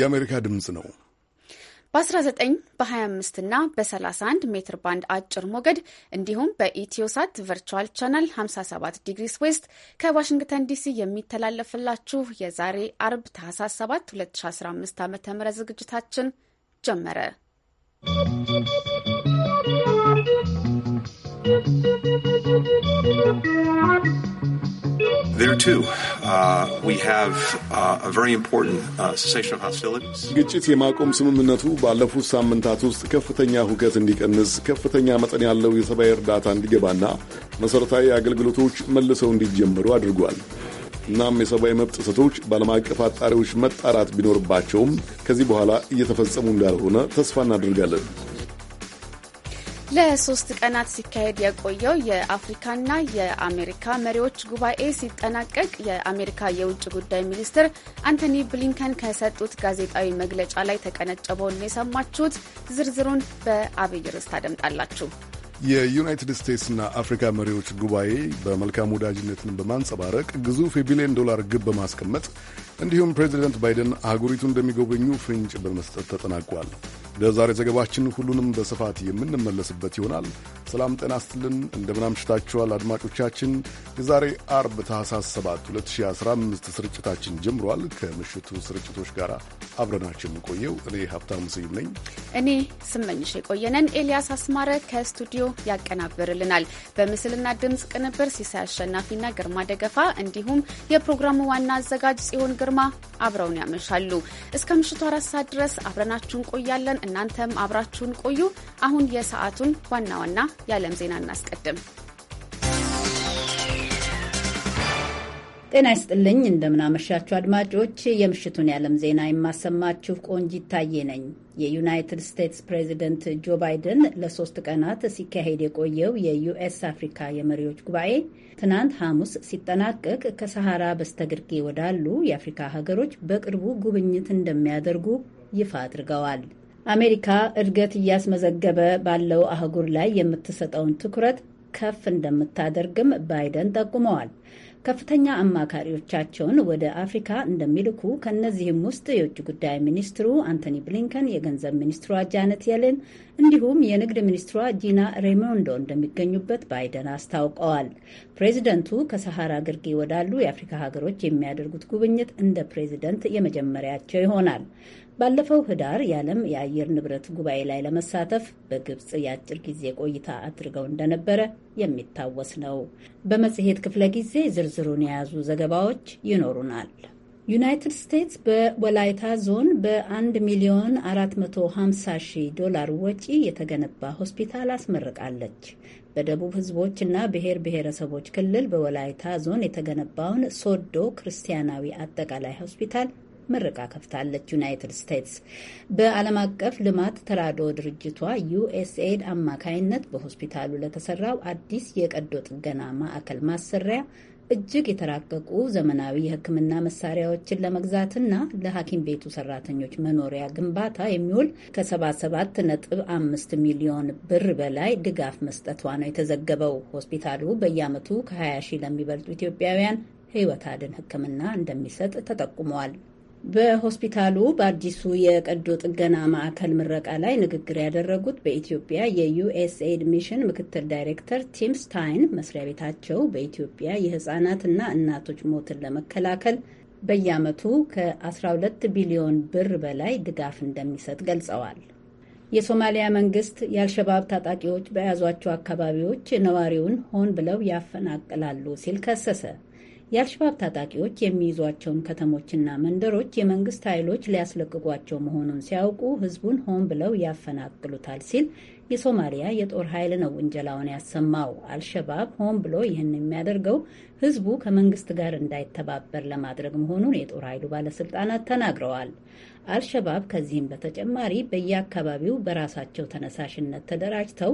የአሜሪካ ድምፅ ነው። በ19 በ25 እና በ31 ሜትር ባንድ አጭር ሞገድ እንዲሁም በኢትዮሳት ቨርቹዋል ቻናል 57 ዲግሪስ ዌስት ከዋሽንግተን ዲሲ የሚተላለፍላችሁ የዛሬ አርብ ታህሳስ 7 2015 ዓ ም ዝግጅታችን ጀመረ። ¶¶ ግጭት የማቆም ስምምነቱ ባለፉት ሳምንታት ውስጥ ከፍተኛ ሁከት እንዲቀንስ፣ ከፍተኛ መጠን ያለው የሰብአዊ እርዳታ እንዲገባና መሠረታዊ አገልግሎቶች መልሰው እንዲጀመሩ አድርጓል። እናም የሰብአዊ መብት ጥሰቶች በዓለም አቀፍ አጣሪዎች መጣራት ቢኖርባቸውም ከዚህ በኋላ እየተፈጸሙ እንዳልሆነ ተስፋ እናደርጋለን። ለሶስት ቀናት ሲካሄድ የቆየው የአፍሪካና የአሜሪካ መሪዎች ጉባኤ ሲጠናቀቅ የአሜሪካ የውጭ ጉዳይ ሚኒስትር አንቶኒ ብሊንከን ከሰጡት ጋዜጣዊ መግለጫ ላይ ተቀነጨበውን የሰማችሁት። ዝርዝሩን በአብይ ርዕስ ታደምጣላችሁ። የዩናይትድ ስቴትስና አፍሪካ መሪዎች ጉባኤ በመልካም ወዳጅነትን በማንጸባረቅ ግዙፍ የቢሊዮን ዶላር ግብ በማስቀመጥ እንዲሁም ፕሬዚደንት ባይደን አህጉሪቱ እንደሚጎበኙ ፍንጭ በመስጠት ተጠናቋል። ለዛሬ ዘገባችን ሁሉንም በስፋት የምንመለስበት ይሆናል። ሰላም ጤና ይስጥልን፣ እንደምናምሽታችኋል አድማጮቻችን። የዛሬ አርብ ታህሳስ 7 2015 ስርጭታችን ጀምሯል። ከምሽቱ ስርጭቶች ጋር አብረናችሁ የምቆየው እኔ ሀብታሙ ስዩም ነኝ። እኔ ስመኝሽ የቆየነን ኤልያስ አስማረ ከስቱዲዮ ያቀናብርልናል። በምስልና ድምፅ ቅንብር ሲሳይ አሸናፊና ግርማ ደገፋ እንዲሁም የፕሮግራሙ ዋና አዘጋጅ ጽዮን ግርማ አብረውን ያመሻሉ። እስከ ምሽቱ አራት ሰዓት ድረስ አብረናችሁን ቆያለን። እናንተም አብራችሁን ቆዩ። አሁን የሰዓቱን ዋና ዋና የዓለም ዜና እናስቀድም። ጤና ይስጥልኝ እንደምናመሻችሁ አድማጮች፣ የምሽቱን የዓለም ዜና የማሰማችሁ ቆንጂ ታዬ ነኝ። የዩናይትድ ስቴትስ ፕሬዚደንት ጆ ባይደን ለሶስት ቀናት ሲካሄድ የቆየው የዩኤስ አፍሪካ የመሪዎች ጉባኤ ትናንት ሐሙስ ሲጠናቀቅ ከሰሃራ በስተግርጌ ወዳሉ የአፍሪካ ሀገሮች በቅርቡ ጉብኝት እንደሚያደርጉ ይፋ አድርገዋል። አሜሪካ እድገት እያስመዘገበ ባለው አህጉር ላይ የምትሰጠውን ትኩረት ከፍ እንደምታደርግም ባይደን ጠቁመዋል። ከፍተኛ አማካሪዎቻቸውን ወደ አፍሪካ እንደሚልኩ ከእነዚህም ውስጥ የውጭ ጉዳይ ሚኒስትሩ አንቶኒ ብሊንከን፣ የገንዘብ ሚኒስትሯ ጃነት የሌን እንዲሁም የንግድ ሚኒስትሯ ጂና ሬሞንዶ እንደሚገኙበት ባይደን አስታውቀዋል። ፕሬዚደንቱ ከሰሐራ ግርጌ ወዳሉ የአፍሪካ ሀገሮች የሚያደርጉት ጉብኝት እንደ ፕሬዚደንት የመጀመሪያቸው ይሆናል። ባለፈው ህዳር የዓለም የአየር ንብረት ጉባኤ ላይ ለመሳተፍ በግብፅ የአጭር ጊዜ ቆይታ አድርገው እንደነበረ የሚታወስ ነው። በመጽሔት ክፍለ ጊዜ ዝርዝሩን የያዙ ዘገባዎች ይኖሩናል። ዩናይትድ ስቴትስ በወላይታ ዞን በ1 ሚሊዮን 450 ሺህ ዶላር ወጪ የተገነባ ሆስፒታል አስመርቃለች። በደቡብ ህዝቦች ና ብሔር ብሔረሰቦች ክልል በወላይታ ዞን የተገነባውን ሶዶ ክርስቲያናዊ አጠቃላይ ሆስፒታል ምርቃ ከፍታለች ዩናይትድ ስቴትስ። በዓለም አቀፍ ልማት ተራድኦ ድርጅቷ ዩኤስኤድ አማካይነት በሆስፒታሉ ለተሰራው አዲስ የቀዶ ጥገና ማዕከል ማሰሪያ እጅግ የተራቀቁ ዘመናዊ የሕክምና መሳሪያዎችን ለመግዛትና ለሐኪም ቤቱ ሰራተኞች መኖሪያ ግንባታ የሚውል ከ77 ነጥብ 5 ሚሊዮን ብር በላይ ድጋፍ መስጠቷ ነው የተዘገበው። ሆስፒታሉ በየዓመቱ ከ20 ሺህ ለሚበልጡ ኢትዮጵያውያን ሕይወት አድን ሕክምና እንደሚሰጥ ተጠቁሟል። በሆስፒታሉ በአዲሱ የቀዶ ጥገና ማዕከል ምረቃ ላይ ንግግር ያደረጉት በኢትዮጵያ የዩኤስኤድ ሚሽን ምክትል ዳይሬክተር ቲም ስታይን መስሪያ ቤታቸው በኢትዮጵያ የህጻናትና እናቶች ሞትን ለመከላከል በየዓመቱ ከ12 ቢሊዮን ብር በላይ ድጋፍ እንደሚሰጥ ገልጸዋል። የሶማሊያ መንግስት የአልሸባብ ታጣቂዎች በያዟቸው አካባቢዎች ነዋሪውን ሆን ብለው ያፈናቅላሉ ሲል ከሰሰ። የአልሸባብ ታጣቂዎች የሚይዟቸውን ከተሞችና መንደሮች የመንግስት ኃይሎች ሊያስለቅቋቸው መሆኑን ሲያውቁ ህዝቡን ሆን ብለው ያፈናቅሉታል ሲል የሶማሊያ የጦር ኃይል ነው ውንጀላውን ያሰማው። አልሸባብ ሆን ብሎ ይህን የሚያደርገው ህዝቡ ከመንግስት ጋር እንዳይተባበር ለማድረግ መሆኑን የጦር ኃይሉ ባለስልጣናት ተናግረዋል። አልሸባብ ከዚህም በተጨማሪ በየአካባቢው በራሳቸው ተነሳሽነት ተደራጅተው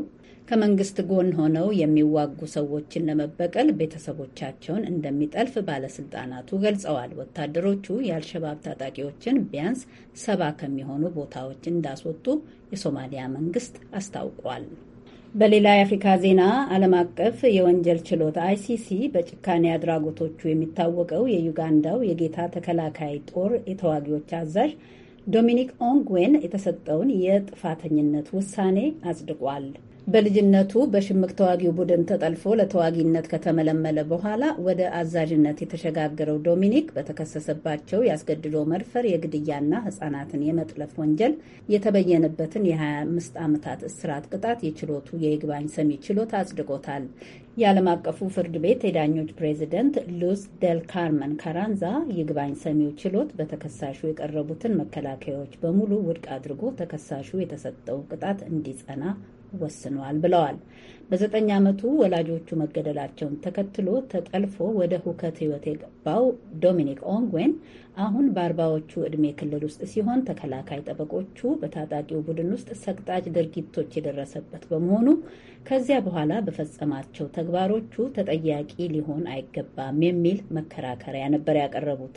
ከመንግስት ጎን ሆነው የሚዋጉ ሰዎችን ለመበቀል ቤተሰቦቻቸውን እንደሚጠልፍ ባለስልጣናቱ ገልጸዋል። ወታደሮቹ የአልሸባብ ታጣቂዎችን ቢያንስ ሰባ ከሚሆኑ ቦታዎች እንዳስወጡ የሶማሊያ መንግስት አስታውቋል። በሌላ የአፍሪካ ዜና ዓለም አቀፍ የወንጀል ችሎት አይሲሲ በጭካኔ አድራጎቶቹ የሚታወቀው የዩጋንዳው የጌታ ተከላካይ ጦር የተዋጊዎች አዛዥ ዶሚኒክ ኦንግዌን የተሰጠውን የጥፋተኝነት ውሳኔ አጽድቋል። በልጅነቱ በሽምቅ ተዋጊው ቡድን ተጠልፎ ለተዋጊነት ከተመለመለ በኋላ ወደ አዛዥነት የተሸጋገረው ዶሚኒክ በተከሰሰባቸው ያስገድዶ መድፈር የግድያና ህጻናትን የመጥለፍ ወንጀል የተበየነበትን የ25 ዓመታት እስራት ቅጣት የችሎቱ የይግባኝ ሰሚ ችሎት አጽድቆታል። የዓለም አቀፉ ፍርድ ቤት የዳኞች ፕሬዚደንት ሉስ ደል ካርመን ካራንዛ ይግባኝ ሰሚው ችሎት በተከሳሹ የቀረቡትን መከላከያዎች በሙሉ ውድቅ አድርጎ ተከሳሹ የተሰጠው ቅጣት እንዲጸና ወስነዋል ብለዋል። በዘጠኝ ዓመቱ ወላጆቹ መገደላቸውን ተከትሎ ተጠልፎ ወደ ሁከት ሕይወት የገባው ዶሚኒክ ኦንግዌን አሁን በአርባዎቹ ዕድሜ ክልል ውስጥ ሲሆን ተከላካይ ጠበቆቹ በታጣቂው ቡድን ውስጥ ሰቅጣጭ ድርጊቶች የደረሰበት በመሆኑ ከዚያ በኋላ በፈጸማቸው ተግባሮቹ ተጠያቂ ሊሆን አይገባም የሚል መከራከሪያ ነበር ያቀረቡት።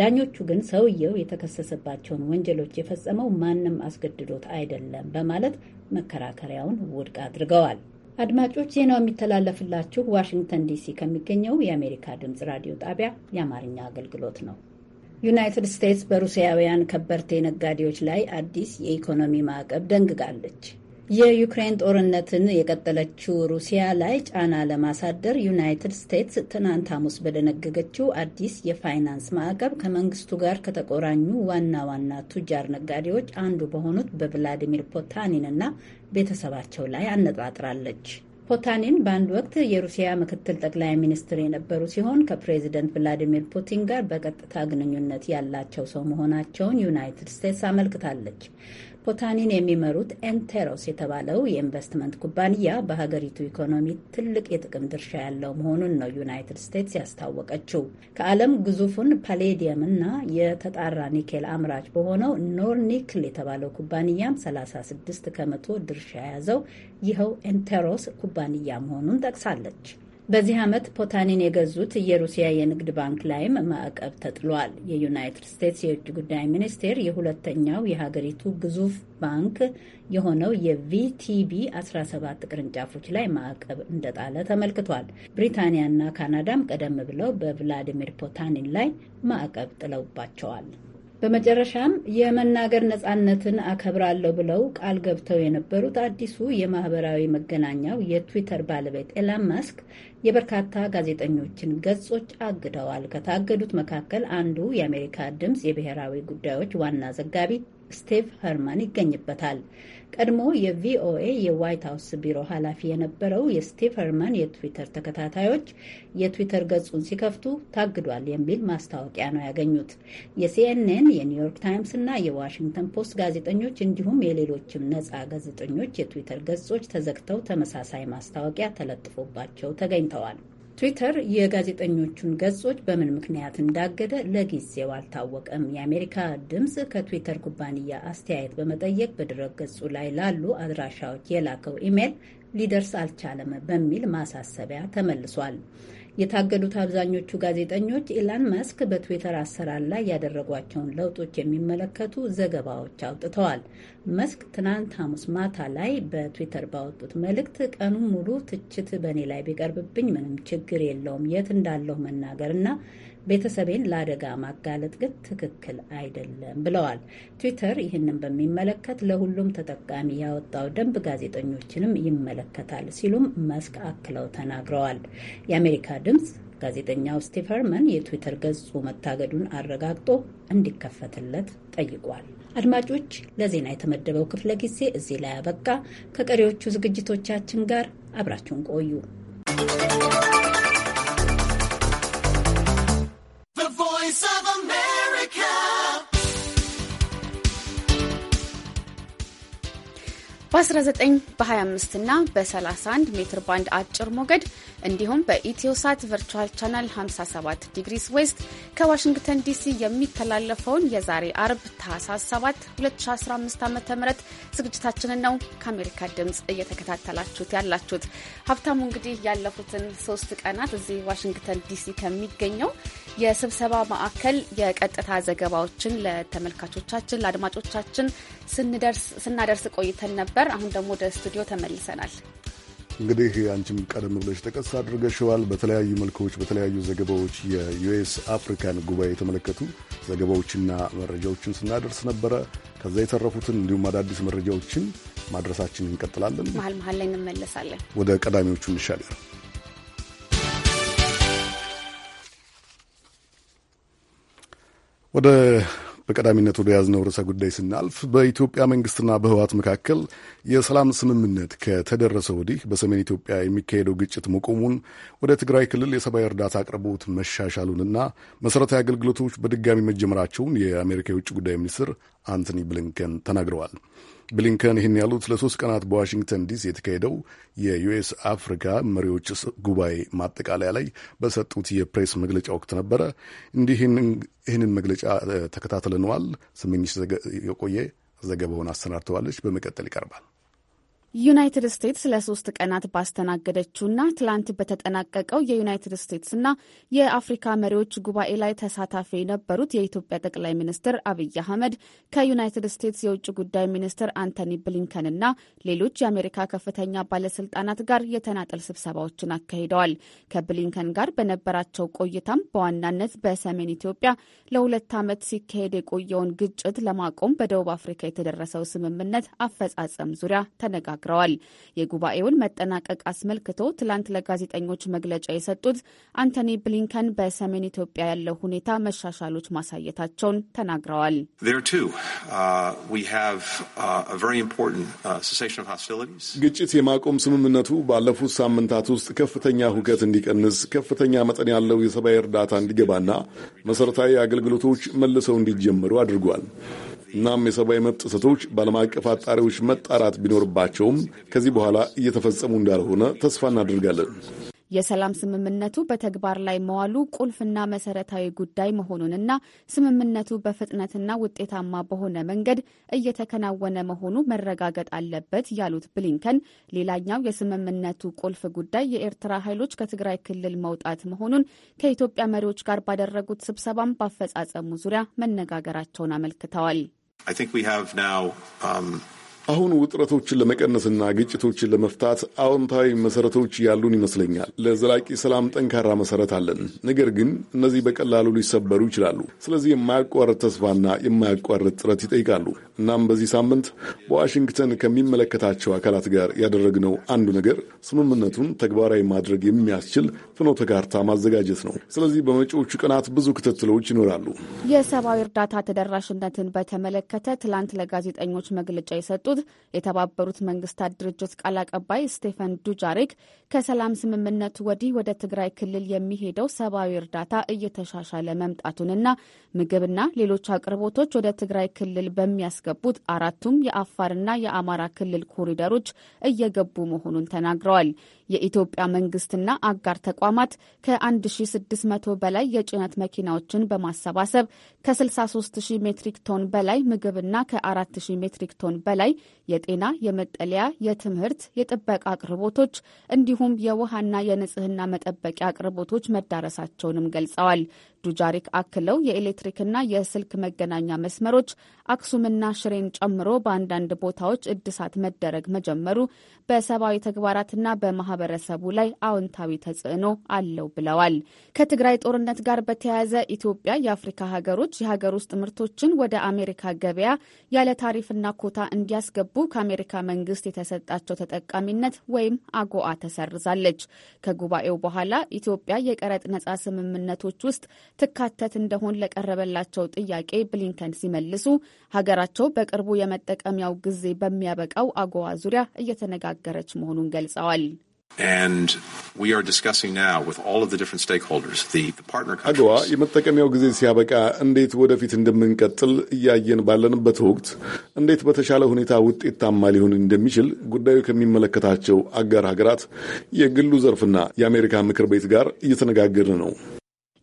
ዳኞቹ ግን ሰውየው የተከሰሰባቸውን ወንጀሎች የፈጸመው ማንም አስገድዶት አይደለም በማለት መከራከሪያውን ውድቅ አድርገዋል። አድማጮች ዜናው የሚተላለፍላችሁ ዋሽንግተን ዲሲ ከሚገኘው የአሜሪካ ድምፅ ራዲዮ ጣቢያ የአማርኛ አገልግሎት ነው። ዩናይትድ ስቴትስ በሩሲያውያን ከበርቴ ነጋዴዎች ላይ አዲስ የኢኮኖሚ ማዕቀብ ደንግጋለች። የዩክሬን ጦርነትን የቀጠለችው ሩሲያ ላይ ጫና ለማሳደር ዩናይትድ ስቴትስ ትናንት ሐሙስ በደነገገችው አዲስ የፋይናንስ ማዕቀብ ከመንግስቱ ጋር ከተቆራኙ ዋና ዋና ቱጃር ነጋዴዎች አንዱ በሆኑት በቭላዲሚር ፖታኒን ቤተሰባቸው ላይ አነጣጥራለች። ፖታኒን በአንድ ወቅት የሩሲያ ምክትል ጠቅላይ ሚኒስትር የነበሩ ሲሆን ከፕሬዚደንት ቭላዲሚር ፑቲን ጋር በቀጥታ ግንኙነት ያላቸው ሰው መሆናቸውን ዩናይትድ ስቴትስ አመልክታለች። ፖታኒን የሚመሩት ኤንቴሮስ የተባለው የኢንቨስትመንት ኩባንያ በሀገሪቱ ኢኮኖሚ ትልቅ የጥቅም ድርሻ ያለው መሆኑን ነው ዩናይትድ ስቴትስ ያስታወቀችው። ከዓለም ግዙፉን ፓሌዲየም እና የተጣራ ኒኬል አምራች በሆነው ኖር ኒክል የተባለው ኩባንያም 36 ከመቶ ድርሻ የያዘው ይኸው ኤንቴሮስ ኩባንያ መሆኑን ጠቅሳለች። በዚህ ዓመት ፖታኒን የገዙት የሩሲያ የንግድ ባንክ ላይም ማዕቀብ ተጥሏል። የዩናይትድ ስቴትስ የውጭ ጉዳይ ሚኒስቴር የሁለተኛው የሀገሪቱ ግዙፍ ባንክ የሆነው የቪቲቢ 17 ቅርንጫፎች ላይ ማዕቀብ እንደጣለ ተመልክቷል። ብሪታንያና ካናዳም ቀደም ብለው በቭላዲሚር ፖታኒን ላይ ማዕቀብ ጥለውባቸዋል። በመጨረሻም የመናገር ነጻነትን አከብራለሁ ብለው ቃል ገብተው የነበሩት አዲሱ የማህበራዊ መገናኛው የትዊተር ባለቤት ኤላን ማስክ የበርካታ ጋዜጠኞችን ገጾች አግደዋል። ከታገዱት መካከል አንዱ የአሜሪካ ድምፅ የብሔራዊ ጉዳዮች ዋና ዘጋቢ ስቲቭ ሀርማን ይገኝበታል። ቀድሞ የቪኦኤ የዋይት ሀውስ ቢሮ ኃላፊ የነበረው የስቲቭ ኸርማን የትዊተር ተከታታዮች የትዊተር ገጹን ሲከፍቱ ታግዷል የሚል ማስታወቂያ ነው ያገኙት። የሲኤንኤን፣ የኒውዮርክ ታይምስ እና የዋሽንግተን ፖስት ጋዜጠኞች እንዲሁም የሌሎችም ነፃ ጋዜጠኞች የትዊተር ገጾች ተዘግተው ተመሳሳይ ማስታወቂያ ተለጥፎባቸው ተገኝተዋል። ትዊተር የጋዜጠኞቹን ገጾች በምን ምክንያት እንዳገደ ለጊዜው አልታወቀም። የአሜሪካ ድምፅ ከትዊተር ኩባንያ አስተያየት በመጠየቅ በድረ ገጹ ላይ ላሉ አድራሻዎች የላከው ኢሜይል ሊደርስ አልቻለም በሚል ማሳሰቢያ ተመልሷል። የታገዱት አብዛኞቹ ጋዜጠኞች ኢላን መስክ በትዊተር አሰራር ላይ ያደረጓቸውን ለውጦች የሚመለከቱ ዘገባዎች አውጥተዋል። መስክ ትናንት ሐሙስ ማታ ላይ በትዊተር ባወጡት መልእክት ቀኑን ሙሉ ትችት በእኔ ላይ ቢቀርብብኝ ምንም ችግር የለውም፣ የት እንዳለሁ መናገር እና ቤተሰቤን ለአደጋ ማጋለጥ ግን ትክክል አይደለም ብለዋል። ትዊተር ይህንን በሚመለከት ለሁሉም ተጠቃሚ ያወጣው ደንብ ጋዜጠኞችንም ይመለከታል ሲሉም መስክ አክለው ተናግረዋል። የአሜሪካ ድምፅ ጋዜጠኛው ስቲፈርመን የትዊተር ገጹ መታገዱን አረጋግጦ እንዲከፈትለት ጠይቋል። አድማጮች፣ ለዜና የተመደበው ክፍለ ጊዜ እዚህ ላይ አበቃ። ከቀሪዎቹ ዝግጅቶቻችን ጋር አብራችሁን ቆዩ። በ19 በ25 እና በ31 ሜትር ባንድ አጭር ሞገድ እንዲሁም በኢትዮሳት ቨርቹዋል ቻናል 57 ዲግሪስ ዌስት ከዋሽንግተን ዲሲ የሚተላለፈውን የዛሬ አርብ ታህሳስ 7 2015 ዓ ም ዝግጅታችንን ነው ከአሜሪካ ድምፅ እየተከታተላችሁት ያላችሁት። ሀብታሙ እንግዲህ ያለፉትን ሶስት ቀናት እዚህ ዋሽንግተን ዲሲ ከሚገኘው የስብሰባ ማዕከል የቀጥታ ዘገባዎችን ለተመልካቾቻችን ለአድማጮቻችን ስናደርስ ቆይተን ነበር። አሁን ደግሞ ወደ ስቱዲዮ ተመልሰናል። እንግዲህ አንቺም ቀደም ብለሽ ጠቀስ አድርገሽዋል። በተለያዩ መልኮች በተለያዩ ዘገባዎች የዩኤስ አፍሪካን ጉባኤ የተመለከቱ ዘገባዎችና መረጃዎችን ስናደርስ ነበረ። ከዛ የተረፉትን እንዲሁም አዳዲስ መረጃዎችን ማድረሳችን እንቀጥላለን። መሀል መሀል ላይ እንመለሳለን። ወደ ቀዳሚዎቹ እንሻገር። ወደ በቀዳሚነት ወደ ያዝነው ርዕሰ ጉዳይ ስናልፍ በኢትዮጵያ መንግስትና በህወሓት መካከል የሰላም ስምምነት ከተደረሰ ወዲህ በሰሜን ኢትዮጵያ የሚካሄደው ግጭት መቆሙን፣ ወደ ትግራይ ክልል የሰብአዊ እርዳታ አቅርቦት መሻሻሉንና መሠረታዊ አገልግሎቶች በድጋሚ መጀመራቸውን የአሜሪካ የውጭ ጉዳይ ሚኒስትር አንቶኒ ብሊንከን ተናግረዋል። ብሊንከን ይህን ያሉት ለሶስት ቀናት በዋሽንግተን ዲሲ የተካሄደው የዩኤስ አፍሪካ መሪዎች ጉባኤ ማጠቃለያ ላይ በሰጡት የፕሬስ መግለጫ ወቅት ነበረ። እንዲህ ይህንን መግለጫ ተከታትለነዋል። ስመኝሽ የቆየ ዘገባውን አሰናድተዋለች። በመቀጠል ይቀርባል። ዩናይትድ ስቴትስ ለሶስት ቀናት ባስተናገደችውና ትላንት በተጠናቀቀው የዩናይትድ ስቴትስና የአፍሪካ መሪዎች ጉባኤ ላይ ተሳታፊ የነበሩት የኢትዮጵያ ጠቅላይ ሚኒስትር አብይ አህመድ ከዩናይትድ ስቴትስ የውጭ ጉዳይ ሚኒስትር አንቶኒ ብሊንከንና ሌሎች የአሜሪካ ከፍተኛ ባለስልጣናት ጋር የተናጠል ስብሰባዎችን አካሂደዋል። ከብሊንከን ጋር በነበራቸው ቆይታም በዋናነት በሰሜን ኢትዮጵያ ለሁለት ዓመት ሲካሄድ የቆየውን ግጭት ለማቆም በደቡብ አፍሪካ የተደረሰው ስምምነት አፈጻጸም ዙሪያ ተነጋግ ተናግረዋል። የጉባኤውን መጠናቀቅ አስመልክቶ ትላንት ለጋዜጠኞች መግለጫ የሰጡት አንቶኒ ብሊንከን በሰሜን ኢትዮጵያ ያለው ሁኔታ መሻሻሎች ማሳየታቸውን ተናግረዋል። uh, uh, uh, ግጭት የማቆም ስምምነቱ ባለፉት ሳምንታት ውስጥ ከፍተኛ ሁከት እንዲቀንስ፣ ከፍተኛ መጠን ያለው የሰብአዊ እርዳታ እንዲገባና መሠረታዊ አገልግሎቶች መልሰው እንዲጀመሩ አድርጓል። እናም የሰብአዊ መብት ጥሰቶች በዓለም አቀፍ አጣሪዎች መጣራት ቢኖርባቸውም ከዚህ በኋላ እየተፈጸሙ እንዳልሆነ ተስፋ እናደርጋለን። የሰላም ስምምነቱ በተግባር ላይ መዋሉ ቁልፍና መሰረታዊ ጉዳይ መሆኑንና ስምምነቱ በፍጥነትና ውጤታማ በሆነ መንገድ እየተከናወነ መሆኑ መረጋገጥ አለበት ያሉት ብሊንከን፣ ሌላኛው የስምምነቱ ቁልፍ ጉዳይ የኤርትራ ኃይሎች ከትግራይ ክልል መውጣት መሆኑን ከኢትዮጵያ መሪዎች ጋር ባደረጉት ስብሰባም በአፈጻጸሙ ዙሪያ መነጋገራቸውን አመልክተዋል። I think we have now um, አሁን ውጥረቶችን ለመቀነስና ግጭቶችን ለመፍታት አዎንታዊ መሰረቶች ያሉን ይመስለኛል። ለዘላቂ ሰላም ጠንካራ መሰረት አለን። ነገር ግን እነዚህ በቀላሉ ሊሰበሩ ይችላሉ። ስለዚህ የማያቋርጥ ተስፋና የማያቋርጥ ጥረት ይጠይቃሉ። እናም በዚህ ሳምንት በዋሽንግተን ከሚመለከታቸው አካላት ጋር ያደረግነው አንዱ ነገር ስምምነቱን ተግባራዊ ማድረግ የሚያስችል ፍኖተ ካርታ ማዘጋጀት ነው። ስለዚህ በመጪዎቹ ቀናት ብዙ ክትትሎች ይኖራሉ። የሰብአዊ እርዳታ ተደራሽነትን በተመለከተ ትላንት ለጋዜጠኞች መግለጫ የሰጡት የተባበሩት መንግስታት ድርጅት ቃል አቀባይ ስቴፈን ዱጃሪክ ከሰላም ስምምነቱ ወዲህ ወደ ትግራይ ክልል የሚሄደው ሰብአዊ እርዳታ እየተሻሻለ መምጣቱንና ምግብና ሌሎች አቅርቦቶች ወደ ትግራይ ክልል በሚያስገቡት አራቱም የአፋርና የአማራ ክልል ኮሪደሮች እየገቡ መሆኑን ተናግረዋል። የኢትዮጵያ መንግስትና አጋር ተቋማት ከ1600 በላይ የጭነት መኪናዎችን በማሰባሰብ ከ63000 ሜትሪክ ቶን በላይ ምግብና ከ4000 ሜትሪክ ቶን በላይ የጤና፣ የመጠለያ፣ የትምህርት፣ የጥበቃ አቅርቦቶች እንዲሁም የውሃና የንጽህና መጠበቂያ አቅርቦቶች መዳረሳቸውንም ገልጸዋል። ዱጃሪክ አክለው የኤሌክትሪክና የስልክ መገናኛ መስመሮች አክሱምና ሽሬን ጨምሮ በአንዳንድ ቦታዎች እድሳት መደረግ መጀመሩ በሰብአዊ ተግባራትና በማህበረሰቡ ላይ አዎንታዊ ተጽዕኖ አለው ብለዋል። ከትግራይ ጦርነት ጋር በተያያዘ ኢትዮጵያ የአፍሪካ ሀገሮች የሀገር ውስጥ ምርቶችን ወደ አሜሪካ ገበያ ያለ ታሪፍና ኮታ እንዲያስገቡ ከአሜሪካ መንግስት የተሰጣቸው ተጠቃሚነት ወይም አጎአ ተሰርዛለች። ከጉባኤው በኋላ ኢትዮጵያ የቀረጥ ነጻ ስምምነቶች ውስጥ ትካተት እንደሆን ለቀረበላቸው ጥያቄ ብሊንከን ሲመልሱ ሀገራቸው በቅርቡ የመጠቀሚያው ጊዜ በሚያበቃው አጎዋ ዙሪያ እየተነጋገረች መሆኑን ገልጸዋል። አገዋ የመጠቀሚያው ጊዜ ሲያበቃ እንዴት ወደፊት እንደምንቀጥል እያየን ባለንበት ወቅት እንዴት በተሻለ ሁኔታ ውጤታማ ሊሆን እንደሚችል ጉዳዩ ከሚመለከታቸው አጋር ሀገራት የግሉ ዘርፍና የአሜሪካ ምክር ቤት ጋር እየተነጋገርን ነው።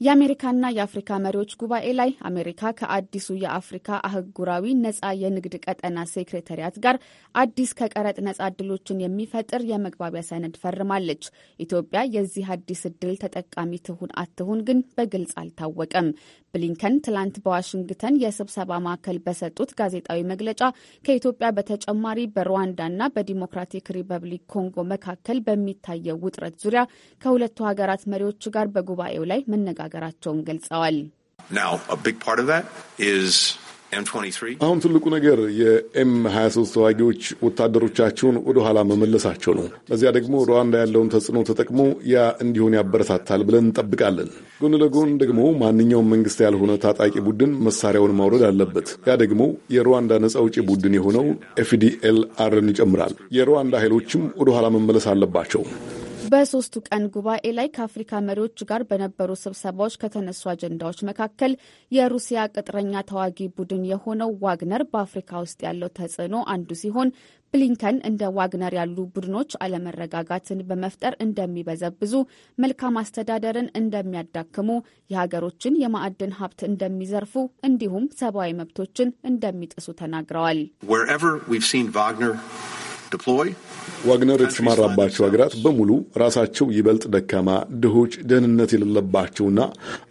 የአሜሪካና የአፍሪካ መሪዎች ጉባኤ ላይ አሜሪካ ከአዲሱ የአፍሪካ አህጉራዊ ነጻ የንግድ ቀጠና ሴክሬታሪያት ጋር አዲስ ከቀረጥ ነጻ እድሎችን የሚፈጥር የመግባቢያ ሰነድ ፈርማለች። ኢትዮጵያ የዚህ አዲስ እድል ተጠቃሚ ትሁን አትሁን ግን በግልጽ አልታወቀም። ብሊንከን ትላንት በዋሽንግተን የስብሰባ ማዕከል በሰጡት ጋዜጣዊ መግለጫ ከኢትዮጵያ በተጨማሪ በሩዋንዳና በዲሞክራቲክ ሪፐብሊክ ኮንጎ መካከል በሚታየው ውጥረት ዙሪያ ከሁለቱ ሀገራት መሪዎች ጋር በጉባኤው ላይ መነጋገራቸውን ገልጸዋል። አሁን ትልቁ ነገር የኤም 23 ተዋጊዎች ወታደሮቻቸውን ወደ ኋላ መመለሳቸው ነው። በዚያ ደግሞ ሩዋንዳ ያለውን ተጽዕኖ ተጠቅሞ ያ እንዲሆን ያበረታታል ብለን እንጠብቃለን። ጎን ለጎን ደግሞ ማንኛውም መንግስት ያልሆነ ታጣቂ ቡድን መሳሪያውን ማውረድ አለበት። ያ ደግሞ የሩዋንዳ ነጻ አውጪ ቡድን የሆነው ኤፍዲኤልአርን ይጨምራል። የሩዋንዳ ኃይሎችም ወደ ኋላ መመለስ አለባቸው። በሶስቱ ቀን ጉባኤ ላይ ከአፍሪካ መሪዎች ጋር በነበሩ ስብሰባዎች ከተነሱ አጀንዳዎች መካከል የሩሲያ ቅጥረኛ ተዋጊ ቡድን የሆነው ዋግነር በአፍሪካ ውስጥ ያለው ተጽዕኖ አንዱ ሲሆን ብሊንከን እንደ ዋግነር ያሉ ቡድኖች አለመረጋጋትን በመፍጠር እንደሚበዘብዙ፣ መልካም አስተዳደርን እንደሚያዳክሙ፣ የሀገሮችን የማዕድን ሀብት እንደሚዘርፉ እንዲሁም ሰብአዊ መብቶችን እንደሚጥሱ ተናግረዋል። ዋግነር የተሰማራባቸው ሀገራት በሙሉ ራሳቸው ይበልጥ ደካማ፣ ድሆች፣ ደህንነት የሌለባቸውና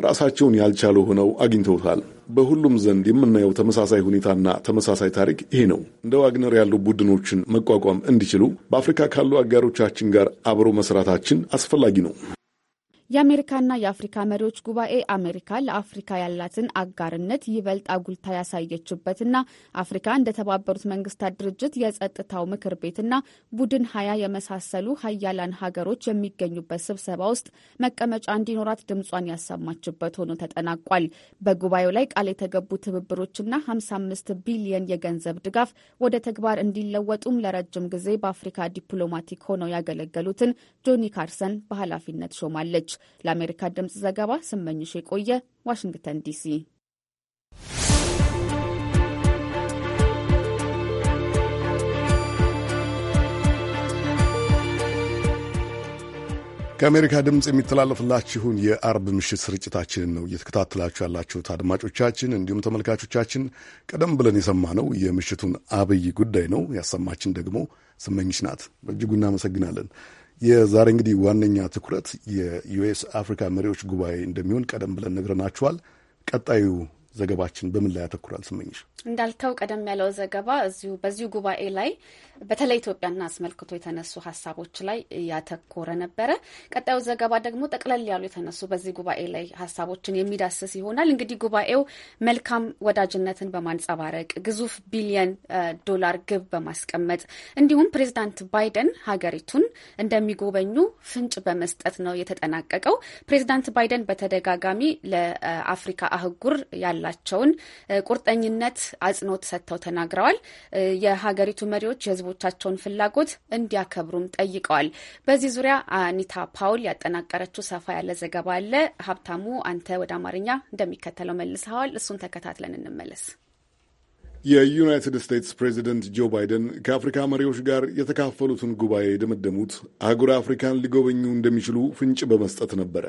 ራሳቸውን ያልቻሉ ሆነው አግኝተውታል። በሁሉም ዘንድ የምናየው ተመሳሳይ ሁኔታና ተመሳሳይ ታሪክ ይሄ ነው። እንደ ዋግነር ያሉ ቡድኖችን መቋቋም እንዲችሉ በአፍሪካ ካሉ አጋሮቻችን ጋር አብሮ መስራታችን አስፈላጊ ነው። የአሜሪካና የአፍሪካ መሪዎች ጉባኤ አሜሪካ ለአፍሪካ ያላትን አጋርነት ይበልጥ አጉልታ ያሳየችበትና አፍሪካ እንደ ተባበሩት መንግስታት ድርጅት የጸጥታው ምክር ቤትና ቡድን ሀያ የመሳሰሉ ሀያላን ሀገሮች የሚገኙበት ስብሰባ ውስጥ መቀመጫ እንዲኖራት ድምጿን ያሰማችበት ሆኖ ተጠናቋል። በጉባኤው ላይ ቃል የተገቡ ትብብሮችና 55 ቢሊየን የገንዘብ ድጋፍ ወደ ተግባር እንዲለወጡም ለረጅም ጊዜ በአፍሪካ ዲፕሎማቲክ ሆነው ያገለገሉትን ጆኒ ካርሰን በኃላፊነት ሾማለች። ለአሜሪካ ድምፅ ዘገባ ስመኝሽ የቆየ ዋሽንግተን ዲሲ። ከአሜሪካ ድምፅ የሚተላለፍላችሁን የአርብ ምሽት ስርጭታችንን ነው እየተከታተላችሁ ያላችሁት አድማጮቻችን፣ እንዲሁም ተመልካቾቻችን። ቀደም ብለን የሰማነው የምሽቱን አብይ ጉዳይ ነው። ያሰማችን ደግሞ ስመኝሽ ናት። በእጅጉ እናመሰግናለን። የዛሬ እንግዲህ ዋነኛ ትኩረት የዩኤስ አፍሪካ መሪዎች ጉባኤ እንደሚሆን ቀደም ብለን ነግረናችኋል። ቀጣዩ ዘገባችን በምን ላይ ያተኩራል? ስመኝሽ እንዳልከው ቀደም ያለው ዘገባ እዚሁ በዚሁ ጉባኤ ላይ በተለይ ኢትዮጵያን አስመልክቶ የተነሱ ሀሳቦች ላይ ያተኮረ ነበረ። ቀጣዩ ዘገባ ደግሞ ጠቅለል ያሉ የተነሱ በዚህ ጉባኤ ላይ ሀሳቦችን የሚዳስስ ይሆናል። እንግዲህ ጉባኤው መልካም ወዳጅነትን በማንጸባረቅ ግዙፍ ቢሊየን ዶላር ግብ በማስቀመጥ እንዲሁም ፕሬዚዳንት ባይደን ሀገሪቱን እንደሚጎበኙ ፍንጭ በመስጠት ነው የተጠናቀቀው። ፕሬዚዳንት ባይደን በተደጋጋሚ ለአፍሪካ አህጉር ያላቸውን ቁርጠኝነት አጽንኦት ሰጥተው ተናግረዋል። የሀገሪቱ መሪዎች የህዝቡ የህዝቦቻቸውን ፍላጎት እንዲያከብሩም ጠይቀዋል። በዚህ ዙሪያ አኒታ ፓውል ያጠናቀረችው ሰፋ ያለ ዘገባ አለ። ሀብታሙ አንተ ወደ አማርኛ እንደሚከተለው መልሰዋል። እሱን ተከታትለን እንመለስ። የዩናይትድ ስቴትስ ፕሬዚደንት ጆ ባይደን ከአፍሪካ መሪዎች ጋር የተካፈሉትን ጉባኤ የደመደሙት አህጉር አፍሪካን ሊጎበኙ እንደሚችሉ ፍንጭ በመስጠት ነበረ።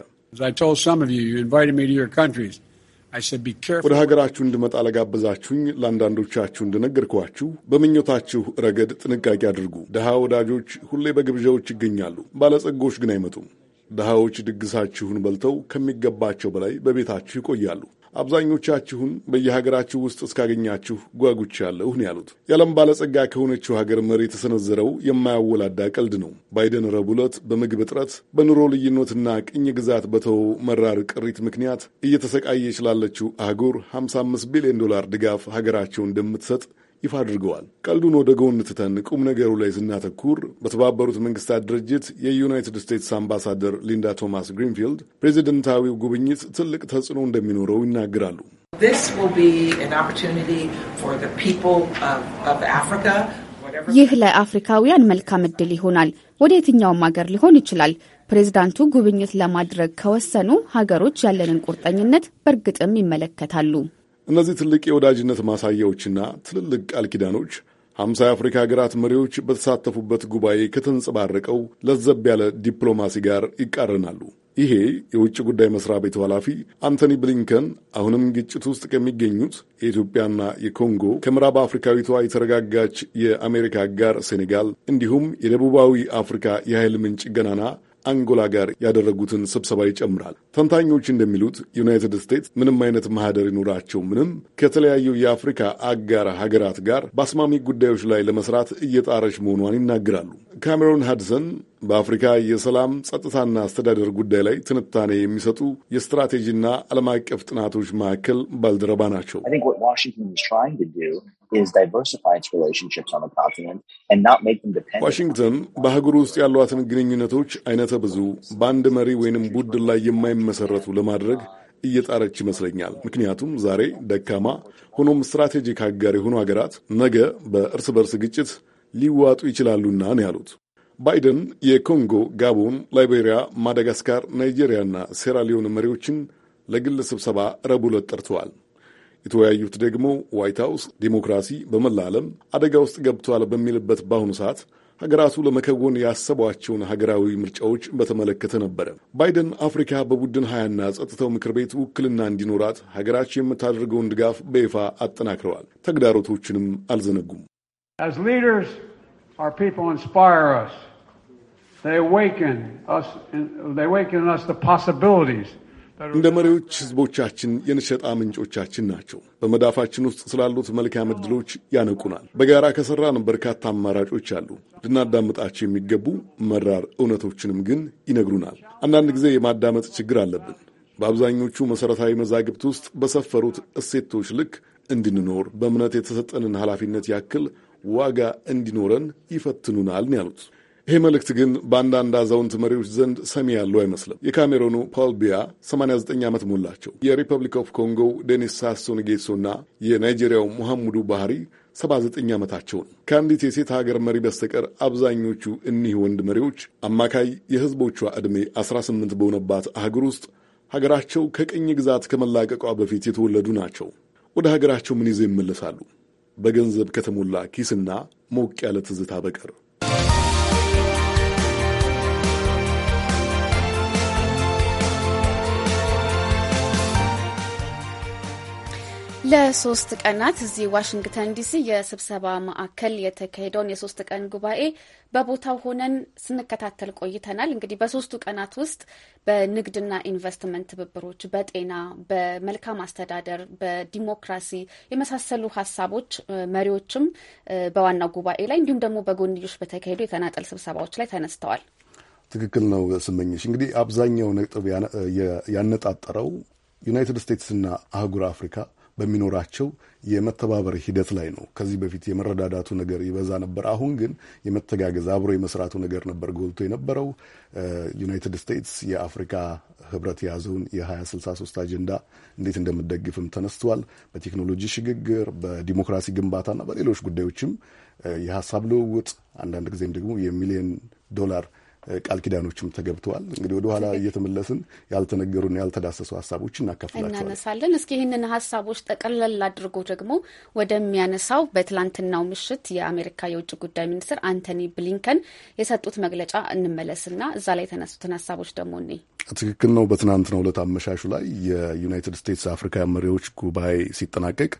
ወደ ሀገራችሁ እንድመጣ ለጋበዛችሁኝ ለአንዳንዶቻችሁ እንደነገርኳችሁ በምኞታችሁ ረገድ ጥንቃቄ አድርጉ። ድሃ ወዳጆች ሁሌ በግብዣዎች ይገኛሉ፣ ባለጸጎች ግን አይመጡም። ድሃዎች ድግሳችሁን በልተው ከሚገባቸው በላይ በቤታችሁ ይቆያሉ። አብዛኞቻችሁን በየሀገራችሁ ውስጥ እስካገኛችሁ ጓጉቻለሁ ነው ያሉት። የዓለም ባለጸጋ ከሆነችው ሀገር መሪ የተሰነዘረው የማያወላዳ ቀልድ ነው። ባይደን ረቡዕ ዕለት በምግብ እጥረት፣ በኑሮ ልዩነትና ቅኝ ግዛት በተው መራር ቅሪት ምክንያት እየተሰቃየች ላለችው አህጉር 55 ቢሊዮን ዶላር ድጋፍ ሀገራቸው እንደምትሰጥ ይፋ አድርገዋል። ቀልዱን ወደ ጎን ትተን ቁም ነገሩ ላይ ስናተኩር በተባበሩት መንግስታት ድርጅት የዩናይትድ ስቴትስ አምባሳደር ሊንዳ ቶማስ ግሪንፊልድ ፕሬዚደንታዊው ጉብኝት ትልቅ ተጽዕኖ እንደሚኖረው ይናገራሉ። ይህ ለአፍሪካውያን መልካም ዕድል ይሆናል። ወደ የትኛውም ሀገር ሊሆን ይችላል። ፕሬዚዳንቱ ጉብኝት ለማድረግ ከወሰኑ ሀገሮች ያለንን ቁርጠኝነት በእርግጥም ይመለከታሉ። እነዚህ ትልቅ የወዳጅነት ማሳያዎችና ትልልቅ ቃል ኪዳኖች ሀምሳ የአፍሪካ ሀገራት መሪዎች በተሳተፉበት ጉባኤ ከተንጸባረቀው ለዘብ ያለ ዲፕሎማሲ ጋር ይቃረናሉ። ይሄ የውጭ ጉዳይ መስሪያ ቤቱ ኃላፊ አንቶኒ ብሊንከን አሁንም ግጭት ውስጥ ከሚገኙት የኢትዮጵያና የኮንጎ ከምዕራብ አፍሪካዊቷ የተረጋጋች የአሜሪካ ጋር ሴኔጋል እንዲሁም የደቡባዊ አፍሪካ የኃይል ምንጭ ገናና አንጎላ ጋር ያደረጉትን ስብሰባ ይጨምራል። ተንታኞች እንደሚሉት ዩናይትድ ስቴትስ ምንም አይነት ማህደር ይኑራቸው ምንም ከተለያዩ የአፍሪካ አጋር ሀገራት ጋር በአስማሚ ጉዳዮች ላይ ለመስራት እየጣረች መሆኗን ይናገራሉ። ካሜሮን ሃድሰን በአፍሪካ የሰላም ጸጥታና አስተዳደር ጉዳይ ላይ ትንታኔ የሚሰጡ የስትራቴጂና ዓለም አቀፍ ጥናቶች ማዕከል ባልደረባ ናቸው። ዋሽንግተን በሀገር ውስጥ ያሏትን ግንኙነቶች አይነተ ብዙ በአንድ መሪ ወይንም ቡድን ላይ የማይመሰረቱ ለማድረግ እየጣረች ይመስለኛል። ምክንያቱም ዛሬ ደካማ ሆኖም ስትራቴጂክ አጋር የሆኑ ሀገራት ነገ በእርስ በርስ ግጭት ሊዋጡ ይችላሉና ነው ያሉት። ባይደን የኮንጎ፣ ጋቦን፣ ላይቤሪያ፣ ማዳጋስካር፣ ናይጄሪያና ሴራሊዮን መሪዎችን ለግል ስብሰባ ረቡዕ ዕለት ጠርተዋል። የተወያዩት ደግሞ ዋይት ሀውስ ዴሞክራሲ በመላ ዓለም አደጋ ውስጥ ገብቷል በሚልበት በአሁኑ ሰዓት ሀገራቱ ለመከወን ያሰቧቸውን ሀገራዊ ምርጫዎች በተመለከተ ነበረ። ባይደን አፍሪካ በቡድን ሀያና ጸጥታው ምክር ቤት ውክልና እንዲኖራት ሀገራቸው የምታደርገውን ድጋፍ በይፋ አጠናክረዋል። ተግዳሮቶችንም አልዘነጉም። ሊደርስ እንደ መሪዎች ህዝቦቻችን የንሸጣ ምንጮቻችን ናቸው። በመዳፋችን ውስጥ ስላሉት መልካም ዕድሎች ያነቁናል። በጋራ ከሠራን በርካታ አማራጮች አሉ። ልናዳምጣቸው የሚገቡ መራር እውነቶችንም ግን ይነግሩናል። አንዳንድ ጊዜ የማዳመጥ ችግር አለብን። በአብዛኞቹ መሠረታዊ መዛግብት ውስጥ በሰፈሩት እሴቶች ልክ እንድንኖር በእምነት የተሰጠንን ኃላፊነት ያክል ዋጋ እንዲኖረን ይፈትኑናል ያሉት ይህ መልእክት ግን በአንዳንድ አዛውንት መሪዎች ዘንድ ሰሚ ያለው አይመስልም። የካሜሮኑ ፖል ቢያ 89 ዓመት ሞላቸው። የሪፐብሊክ ኦፍ ኮንጎ ዴኒስ ሳሶን ጌሶና የናይጄሪያው ሙሐሙዱ ባህሪ 79 ዓመታቸው ነው። ከአንዲት የሴት ሀገር መሪ በስተቀር አብዛኞቹ እኒህ ወንድ መሪዎች አማካይ የህዝቦቿ ዕድሜ 18 በሆነባት አህጉር ውስጥ ሀገራቸው ከቅኝ ግዛት ከመላቀቋ በፊት የተወለዱ ናቸው። ወደ ሀገራቸው ምን ይዘው ይመለሳሉ? በገንዘብ ከተሞላ ኪስና ሞቅ ያለ ትዝታ በቀር ለሶስት ቀናት እዚህ ዋሽንግተን ዲሲ የስብሰባ ማዕከል የተካሄደውን የሶስት ቀን ጉባኤ በቦታው ሆነን ስንከታተል ቆይተናል። እንግዲህ በሶስቱ ቀናት ውስጥ በንግድና ኢንቨስትመንት ትብብሮች፣ በጤና፣ በመልካም አስተዳደር፣ በዲሞክራሲ የመሳሰሉ ሀሳቦች መሪዎችም በዋናው ጉባኤ ላይ እንዲሁም ደግሞ በጎንዮሽ በተካሄዱ የተናጠል ስብሰባዎች ላይ ተነስተዋል። ትክክል ነው ስመኝሽ። እንግዲህ አብዛኛው ነጥብ ያነጣጠረው ዩናይትድ ስቴትስና አህጉር አፍሪካ በሚኖራቸው የመተባበር ሂደት ላይ ነው። ከዚህ በፊት የመረዳዳቱ ነገር ይበዛ ነበር። አሁን ግን የመተጋገዝ አብሮ የመስራቱ ነገር ነበር ጎልቶ የነበረው። ዩናይትድ ስቴትስ የአፍሪካ ህብረት የያዘውን የ2063 አጀንዳ እንዴት እንደምደግፍም ተነስቷል። በቴክኖሎጂ ሽግግር፣ በዲሞክራሲ ግንባታና በሌሎች ጉዳዮችም የሀሳብ ልውውጥ አንዳንድ ጊዜም ደግሞ የሚሊዮን ዶላር ቃል ኪዳኖችም ተገብተዋል። እንግዲህ ወደኋላ እየተመለስን ያልተነገሩና ያልተዳሰሱ ሀሳቦች እናካፍላቸዋል እናነሳለን። እስኪ ይህንን ሀሳቦች ጠቅለል አድርጎ ደግሞ ወደሚያነሳው በትላንትናው ምሽት የአሜሪካ የውጭ ጉዳይ ሚኒስትር አንቶኒ ብሊንከን የሰጡት መግለጫ እንመለስና እዛ ላይ የተነሱትን ሀሳቦች ደግሞ እኔ ትክክል ነው። በትናንትናው ዕለት አመሻሹ ላይ የዩናይትድ ስቴትስ አፍሪካ መሪዎች ጉባኤ ሲጠናቀቅ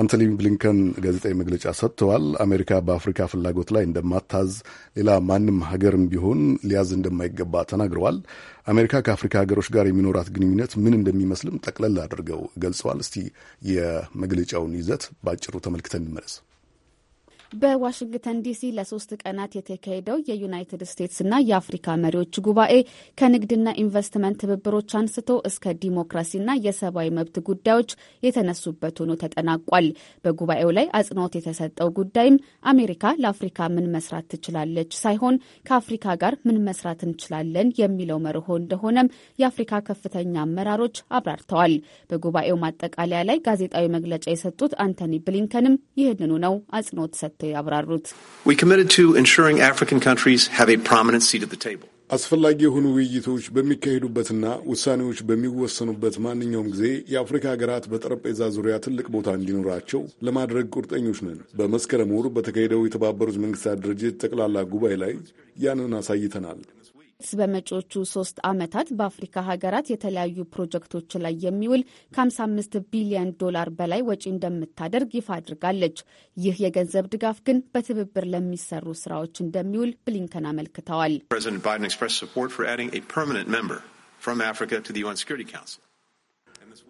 አንቶኒ ብሊንከን ጋዜጣዊ መግለጫ ሰጥተዋል። አሜሪካ በአፍሪካ ፍላጎት ላይ እንደማታዝ ሌላ ማንም ሀገርም ቢሆን ሊያዝ እንደማይገባ ተናግረዋል። አሜሪካ ከአፍሪካ ሀገሮች ጋር የሚኖራት ግንኙነት ምን እንደሚመስልም ጠቅለል አድርገው ገልጸዋል። እስቲ የመግለጫውን ይዘት በአጭሩ ተመልክተን እንመለስ። በዋሽንግተን ዲሲ ለሶስት ቀናት የተካሄደው የዩናይትድ ስቴትስና የአፍሪካ መሪዎች ጉባኤ ከንግድና ኢንቨስትመንት ትብብሮች አንስቶ እስከ ዲሞክራሲና የሰብአዊ መብት ጉዳዮች የተነሱበት ሆኖ ተጠናቋል። በጉባኤው ላይ አጽንኦት የተሰጠው ጉዳይም አሜሪካ ለአፍሪካ ምን መስራት ትችላለች ሳይሆን ከአፍሪካ ጋር ምን መስራት እንችላለን የሚለው መርሆ እንደሆነም የአፍሪካ ከፍተኛ አመራሮች አብራርተዋል። በጉባኤው ማጠቃለያ ላይ ጋዜጣዊ መግለጫ የሰጡት አንቶኒ ብሊንከንም ይህንኑ ነው አጽንኦት ሰጥተዋል። ያብራሩት። አስፈላጊ የሆኑ ውይይቶች በሚካሄዱበትና ውሳኔዎች በሚወሰኑበት ማንኛውም ጊዜ የአፍሪካ ሀገራት በጠረጴዛ ዙሪያ ትልቅ ቦታ እንዲኖራቸው ለማድረግ ቁርጠኞች ነን። በመስከረም ወር በተካሄደው የተባበሩት መንግስታት ድርጅት ጠቅላላ ጉባኤ ላይ ያንን አሳይተናል። ስቴትስ በመጪዎቹ ሶስት ዓመታት በአፍሪካ ሀገራት የተለያዩ ፕሮጀክቶች ላይ የሚውል ከ55 ቢሊዮን ዶላር በላይ ወጪ እንደምታደርግ ይፋ አድርጋለች። ይህ የገንዘብ ድጋፍ ግን በትብብር ለሚሰሩ ስራዎች እንደሚውል ብሊንከን አመልክተዋል። ፕሬዚደንት ባይደን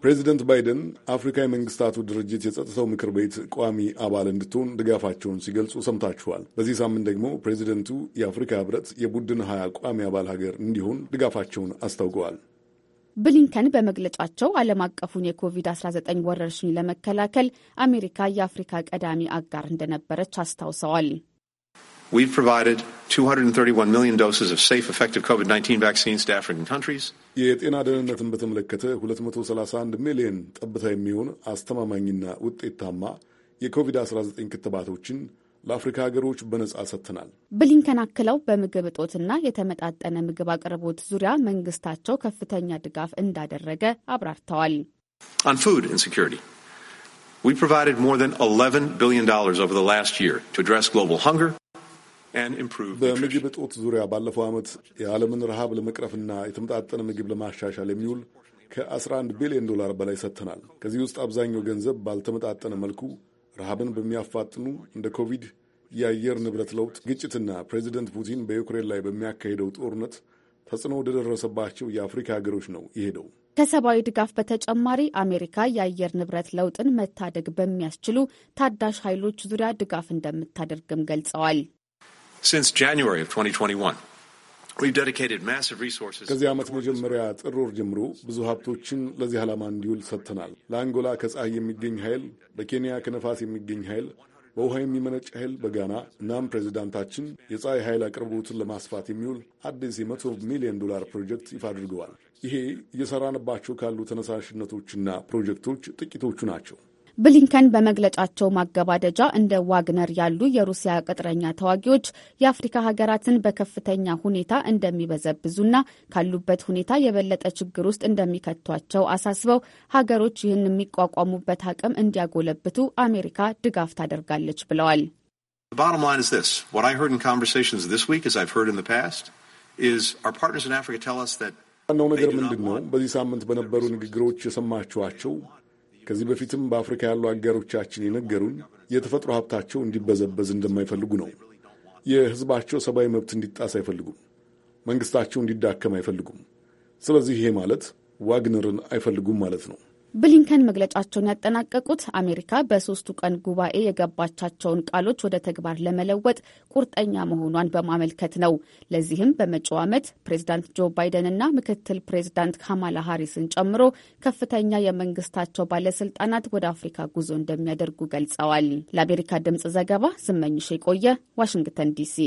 ፕሬዚደንት ባይደን አፍሪካ የመንግስታቱ ድርጅት የጸጥታው ምክር ቤት ቋሚ አባል እንድትሆን ድጋፋቸውን ሲገልጹ ሰምታችኋል። በዚህ ሳምንት ደግሞ ፕሬዚደንቱ የአፍሪካ ህብረት የቡድን ሀያ ቋሚ አባል ሀገር እንዲሆን ድጋፋቸውን አስታውቀዋል። ብሊንከን በመግለጫቸው ዓለም አቀፉን የኮቪድ-19 ወረርሽኝ ለመከላከል አሜሪካ የአፍሪካ ቀዳሚ አጋር እንደነበረች አስታውሰዋል። we've provided 231 million doses of safe, effective COVID-19 vaccines to African countries. የጤና ደህንነትን በተመለከተ 231 ሚሊዮን ጠብታ 19 ክትባቶችን ለአፍሪካ ሀገሮች በነጻ ሰጥተናል። ብሊንከን አክለው On food insecurity, we provided more than $11 billion over the last year to address global hunger. በምግብ እጦት ዙሪያ ባለፈው ዓመት የዓለምን ረሃብ ለመቅረፍና የተመጣጠነ ምግብ ለማሻሻል የሚውል ከ11 ቢሊዮን ዶላር በላይ ሰጥተናል። ከዚህ ውስጥ አብዛኛው ገንዘብ ባልተመጣጠነ መልኩ ረሃብን በሚያፋጥኑ እንደ ኮቪድ፣ የአየር ንብረት ለውጥ፣ ግጭትና ፕሬዚደንት ፑቲን በዩክሬን ላይ በሚያካሄደው ጦርነት ተጽዕኖ ወደደረሰባቸው የአፍሪካ ሀገሮች ነው የሄደው። ከሰብአዊ ድጋፍ በተጨማሪ አሜሪካ የአየር ንብረት ለውጥን መታደግ በሚያስችሉ ታዳሽ ኃይሎች ዙሪያ ድጋፍ እንደምታደርግም ገልጸዋል። since January of 2021. ከዚህ ዓመት መጀመሪያ ጥር ወር ጀምሮ ብዙ ሀብቶችን ለዚህ ዓላማ እንዲውል ሰጥተናል። ለአንጎላ ከፀሐይ የሚገኝ ኃይል፣ በኬንያ ከነፋስ የሚገኝ ኃይል፣ በውሃ የሚመነጭ ኃይል በጋና እናም ፕሬዚዳንታችን የፀሐይ ኃይል አቅርቦትን ለማስፋት የሚውል አዲስ የመቶ ሚሊዮን ዶላር ፕሮጀክት ይፋ አድርገዋል። ይሄ እየሰራንባቸው ካሉ ተነሳሽነቶችና ፕሮጀክቶች ጥቂቶቹ ናቸው። ብሊንከን በመግለጫቸው ማገባደጃ እንደ ዋግነር ያሉ የሩሲያ ቅጥረኛ ተዋጊዎች የአፍሪካ ሀገራትን በከፍተኛ ሁኔታ እንደሚበዘብዙና ካሉበት ሁኔታ የበለጠ ችግር ውስጥ እንደሚከቷቸው አሳስበው ሀገሮች ይህን የሚቋቋሙበት አቅም እንዲያጎለብቱ አሜሪካ ድጋፍ ታደርጋለች ብለዋል። ዋናው ነገር ምንድን ነው? በዚህ ሳምንት በነበሩ ንግግሮች የሰማችኋቸው ከዚህ በፊትም በአፍሪካ ያሉ አጋሮቻችን የነገሩኝ የተፈጥሮ ሀብታቸው እንዲበዘበዝ እንደማይፈልጉ ነው። የሕዝባቸው ሰብአዊ መብት እንዲጣስ አይፈልጉም። መንግስታቸው እንዲዳከም አይፈልጉም። ስለዚህ ይሄ ማለት ዋግነርን አይፈልጉም ማለት ነው። ብሊንከን መግለጫቸውን ያጠናቀቁት አሜሪካ በሶስቱ ቀን ጉባኤ የገባቻቸውን ቃሎች ወደ ተግባር ለመለወጥ ቁርጠኛ መሆኗን በማመልከት ነው። ለዚህም በመጪው ዓመት ፕሬዚዳንት ጆ ባይደን እና ምክትል ፕሬዚዳንት ካማላ ሀሪስን ጨምሮ ከፍተኛ የመንግስታቸው ባለስልጣናት ወደ አፍሪካ ጉዞ እንደሚያደርጉ ገልጸዋል። ለአሜሪካ ድምጽ ዘገባ ስመኝሽ የቆየ ዋሽንግተን ዲሲ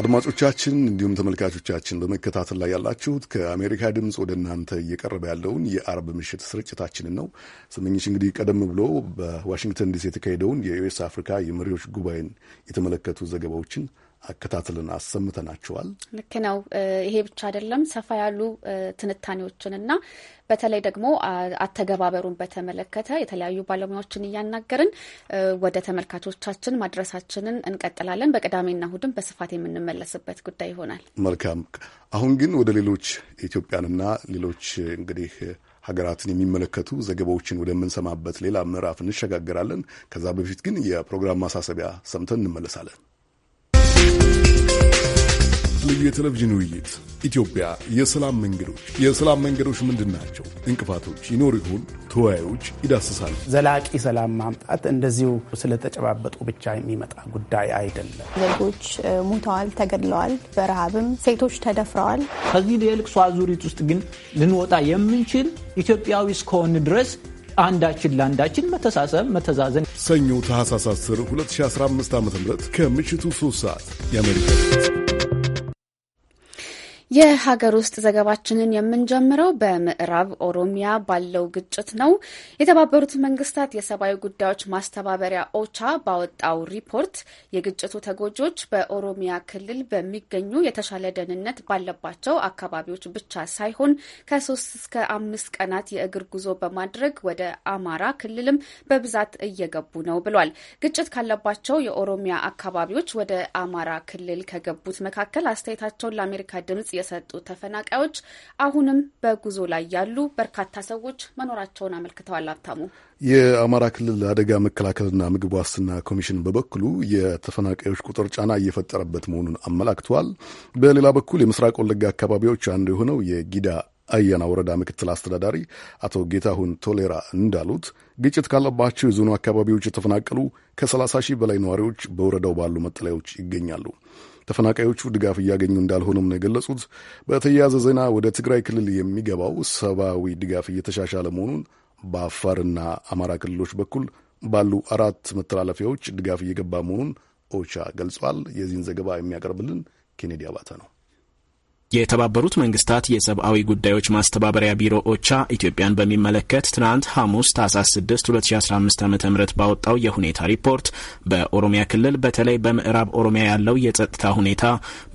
አድማጮቻችን እንዲሁም ተመልካቾቻችን በመከታተል ላይ ያላችሁት ከአሜሪካ ድምፅ ወደ እናንተ እየቀረበ ያለውን የአርብ ምሽት ስርጭታችንን ነው። ስመኝሽ እንግዲህ ቀደም ብሎ በዋሽንግተን ዲሲ የተካሄደውን የዩኤስ አፍሪካ የመሪዎች ጉባኤን የተመለከቱ ዘገባዎችን አከታትለን አሰምተናቸዋል ልክ ነው። ይሄ ብቻ አይደለም። ሰፋ ያሉ ትንታኔዎችንና በተለይ ደግሞ አተገባበሩን በተመለከተ የተለያዩ ባለሙያዎችን እያናገርን ወደ ተመልካቾቻችን ማድረሳችንን እንቀጥላለን። በቅዳሜና እሁድም በስፋት የምንመለስበት ጉዳይ ይሆናል። መልካም። አሁን ግን ወደ ሌሎች ኢትዮጵያንና ሌሎች እንግዲህ ሀገራትን የሚመለከቱ ዘገባዎችን ወደምንሰማበት ሌላ ምዕራፍ እንሸጋግራለን። ከዛ በፊት ግን የፕሮግራም ማሳሰቢያ ሰምተን እንመለሳለን። ልዩ የቴሌቪዥን ውይይት ኢትዮጵያ የሰላም መንገዶች። የሰላም መንገዶች ምንድን ናቸው? እንቅፋቶች ይኖር ይሆን? ተወያዮች ይዳስሳሉ። ዘላቂ ሰላም ማምጣት እንደዚሁ ስለተጨባበጡ ብቻ የሚመጣ ጉዳይ አይደለም። ዜጎች ሙተዋል፣ ተገድለዋል፣ በረሃብም ሴቶች ተደፍረዋል። ከዚህ የልቅሶ አዙሪት ውስጥ ግን ልንወጣ የምንችል ኢትዮጵያዊ እስከሆን ድረስ አንዳችን ለአንዳችን መተሳሰብ፣ መተዛዘን። ሰኞ ታህሳስ 10 2015 ዓ ም ከምሽቱ 3 ሰዓት የአሜሪካ የሀገር ውስጥ ዘገባችንን የምንጀምረው በምዕራብ ኦሮሚያ ባለው ግጭት ነው። የተባበሩት መንግስታት የሰብአዊ ጉዳዮች ማስተባበሪያ ኦቻ ባወጣው ሪፖርት የግጭቱ ተጎጂዎች በኦሮሚያ ክልል በሚገኙ የተሻለ ደህንነት ባለባቸው አካባቢዎች ብቻ ሳይሆን ከሶስት እስከ አምስት ቀናት የእግር ጉዞ በማድረግ ወደ አማራ ክልልም በብዛት እየገቡ ነው ብሏል። ግጭት ካለባቸው የኦሮሚያ አካባቢዎች ወደ አማራ ክልል ከገቡት መካከል አስተያየታቸውን ለአሜሪካ ድምጽ የሰጡ ተፈናቃዮች አሁንም በጉዞ ላይ ያሉ በርካታ ሰዎች መኖራቸውን አመልክተዋል። አብታሙ የአማራ ክልል አደጋ መከላከልና ምግብ ዋስትና ኮሚሽን በበኩሉ የተፈናቃዮች ቁጥር ጫና እየፈጠረበት መሆኑን አመላክተዋል። በሌላ በኩል የምስራቅ ወለጋ አካባቢዎች አንዱ የሆነው የጊዳ አያና ወረዳ ምክትል አስተዳዳሪ አቶ ጌታሁን ቶሌራ እንዳሉት ግጭት ካለባቸው የዞኑ አካባቢዎች የተፈናቀሉ ከ30 ሺህ በላይ ነዋሪዎች በወረዳው ባሉ መጠለያዎች ይገኛሉ። ተፈናቃዮቹ ድጋፍ እያገኙ እንዳልሆኑም ነው የገለጹት። በተያያዘ ዜና ወደ ትግራይ ክልል የሚገባው ሰብአዊ ድጋፍ እየተሻሻለ መሆኑን በአፋርና አማራ ክልሎች በኩል ባሉ አራት መተላለፊያዎች ድጋፍ እየገባ መሆኑን ኦቻ ገልጿል። የዚህን ዘገባ የሚያቀርብልን ኬኔዲ አባተ ነው። የተባበሩት መንግስታት የሰብአዊ ጉዳዮች ማስተባበሪያ ቢሮ ኦቻ ኢትዮጵያን በሚመለከት ትናንት ሐሙስ ታህሳስ 6 2015 ዓ ም ባወጣው የሁኔታ ሪፖርት በኦሮሚያ ክልል በተለይ በምዕራብ ኦሮሚያ ያለው የጸጥታ ሁኔታ